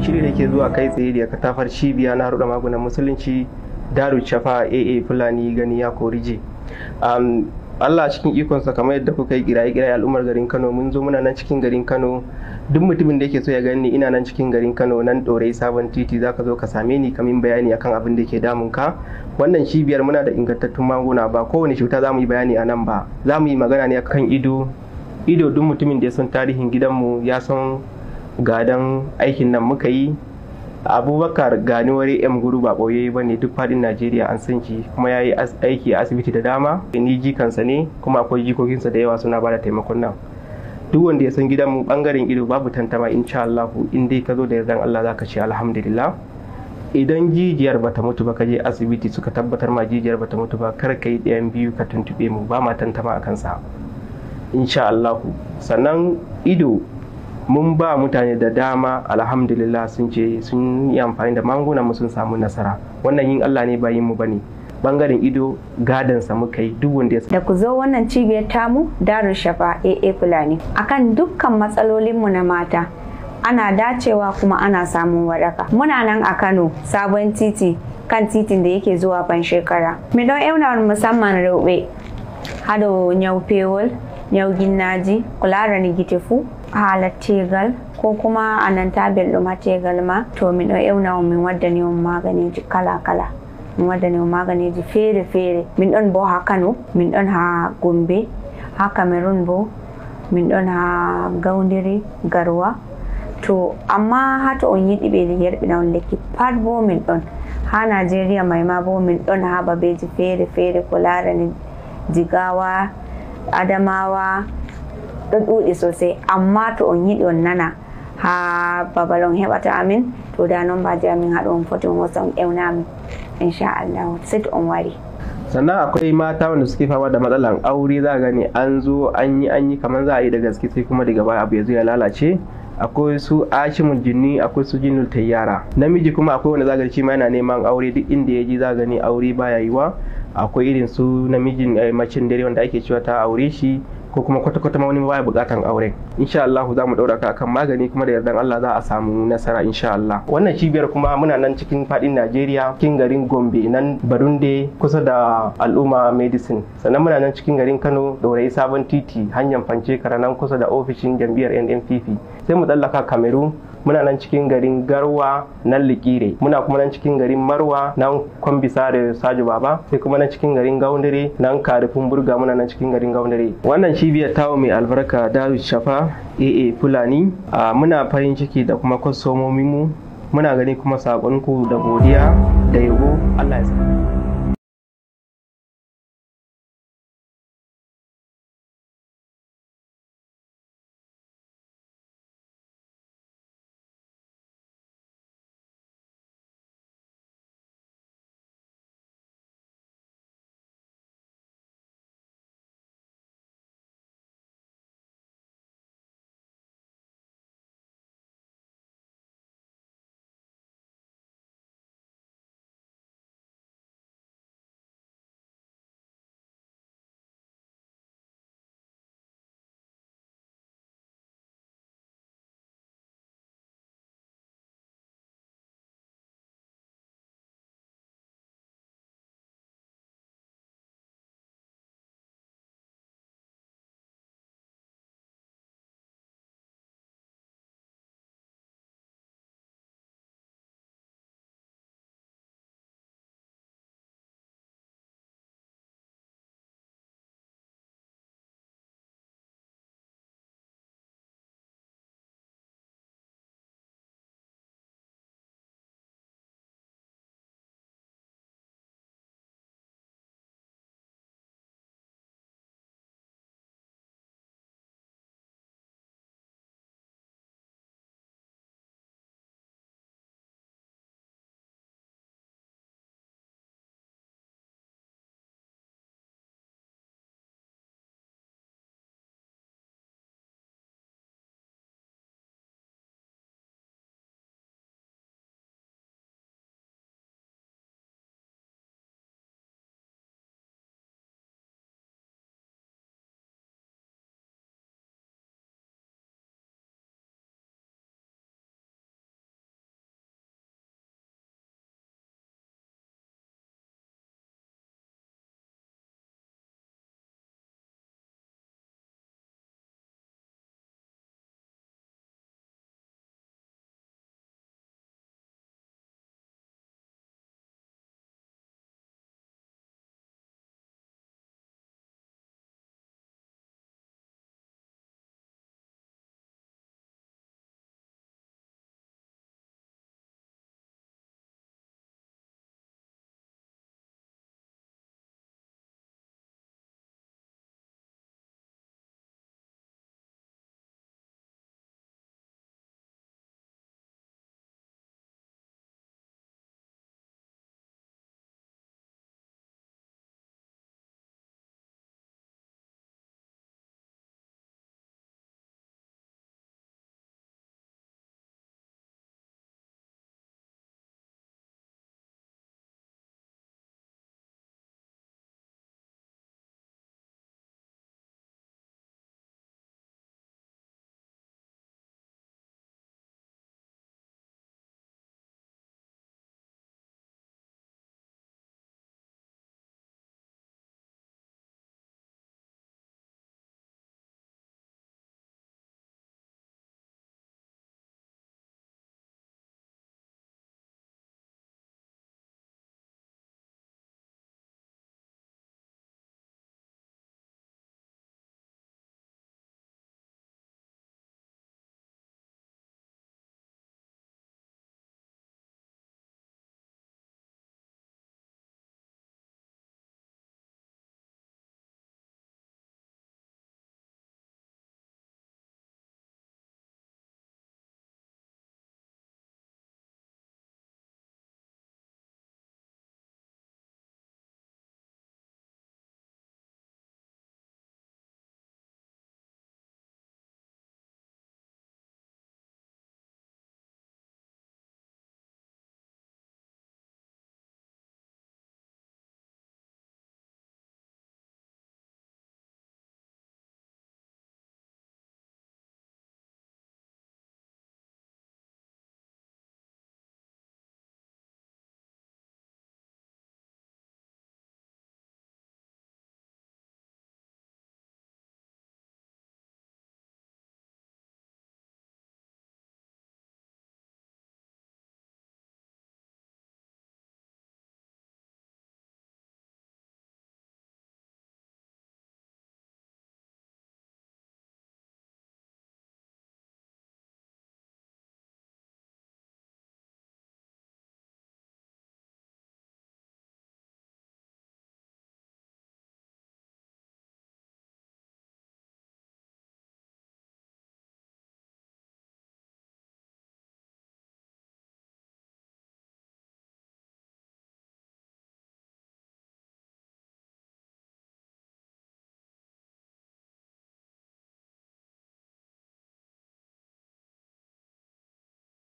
shiri da ke zuwa kai tsaye da katafar cibiya na haruɗa magunan musulunci daru chafa aa fulani gani ya korije Allah cikin ikonsa kamar yadda kuka yi giraye giraye al'ummar garin Kano mun zo muna nan cikin garin Kano duk mutumin da yake so ya gani ina nan cikin garin Kano nan ɗorai sabon titi zaka zo ka same ni kamin bayani akan abin da ke damun ka wannan cibiyar muna da ingantattun magunguna ba kowane cuta za mu yi bayani a nan ba za mu yi magana ne akan ido ido duk mutumin da ya san tarihin gidanmu ya san gadan aikin nan muka yi abubakar ganiwari m guru ba ɓoye ba ne duk faɗin najeriya an san shi kuma ya yi aiki a asibiti da dama ni jikansa ne kuma akwai jikokinsa da yawa suna bada taimakon nan duk wanda ya san gidan mu bangaren ido babu tantama insha allahu in dai ka zo da yardan Allah zaka ce alhamdulillah idan jijiyar bata mutu ba ka je asibiti suka tabbatar ma jijiyar bata mutu ba kar ka yi ɗayan biyu ka tuntube mu ba ma tantama a kansa insha allahu sannan ido mun ba mutane da dama alhamdulillah sun ce sun yi amfani da magunan mu sun samu nasara wannan yin Allah ne bayin mu bane bangaren ido sa muka yi duk wanda da ku zo wannan cibiyar tamu darun shafa aa fulani akan dukkan matsalolin mu na mata ana dacewa kuma ana samun waraka muna nan a kano sabon titi kan titin da yake zuwa ban shekara mi don yauna musamman roɓe? hado nyau pewol nyau ginnaji kula da nigitifu tegal ko kuma ta belɗum ha tegal ma to min miɗo yau nawa min wani magani maganeji kala kala min wani magani maganeji fere-fere, min ɗon bo ha kano min ɗon ha gombe ha Cameroon bo min ɗon ha gaudiri garwa to amma ha yi on da yarɓi na wani lekki pat bo min ɗon ha Najeriya mai ma bo min ɗon ha babeji fere-fere ko larani jigawa adamawa don sosai amma to on yi don nana ha babalon heba ta amin to da ji amin haɗo on foto mo wasa euna amin on wari sannan akwai mata wanda suke fama da matsalan aure za gani an zo an yi an yi kamar za a yi da gaske sai kuma daga baya abu ya zo ya lalace akwai su ashimul jinni akwai su jinnul tayyara namiji kuma akwai wanda za gani shi ma yana neman aure duk inda ya ji za gani aure baya yiwa akwai irin su namijin eh, macin dare wanda ake cewa ta aure shi ko kuma kwata-kwata wani baya bukatan aure insha Allah za mu daura ka akan magani kuma da yardan Allah za a samu nasara insha Allah wannan cibiyar kuma muna nan cikin fadin Najeriya cikin garin Gombe nan Barunde kusa da Al'umma Medicine sannan muna nan cikin garin Kano Dorayi Sabon Titi hanyar Fance nan kusa da ofishin jam'iyyar NNPP sai mu tsallaka Cameroon muna nan cikin garin garwa na likire muna kuma nan cikin garin marwa nan kwambisa da saju baba sai kuma nan cikin garin gaundare nan karifin burga muna nan cikin garin gaundare wannan cibiyar tawo mai albarka daru shafa aa fulani muna farin ciki da kuma kwasomomi mu muna gani kuma saƙonku da godiya da yabo allah ya sa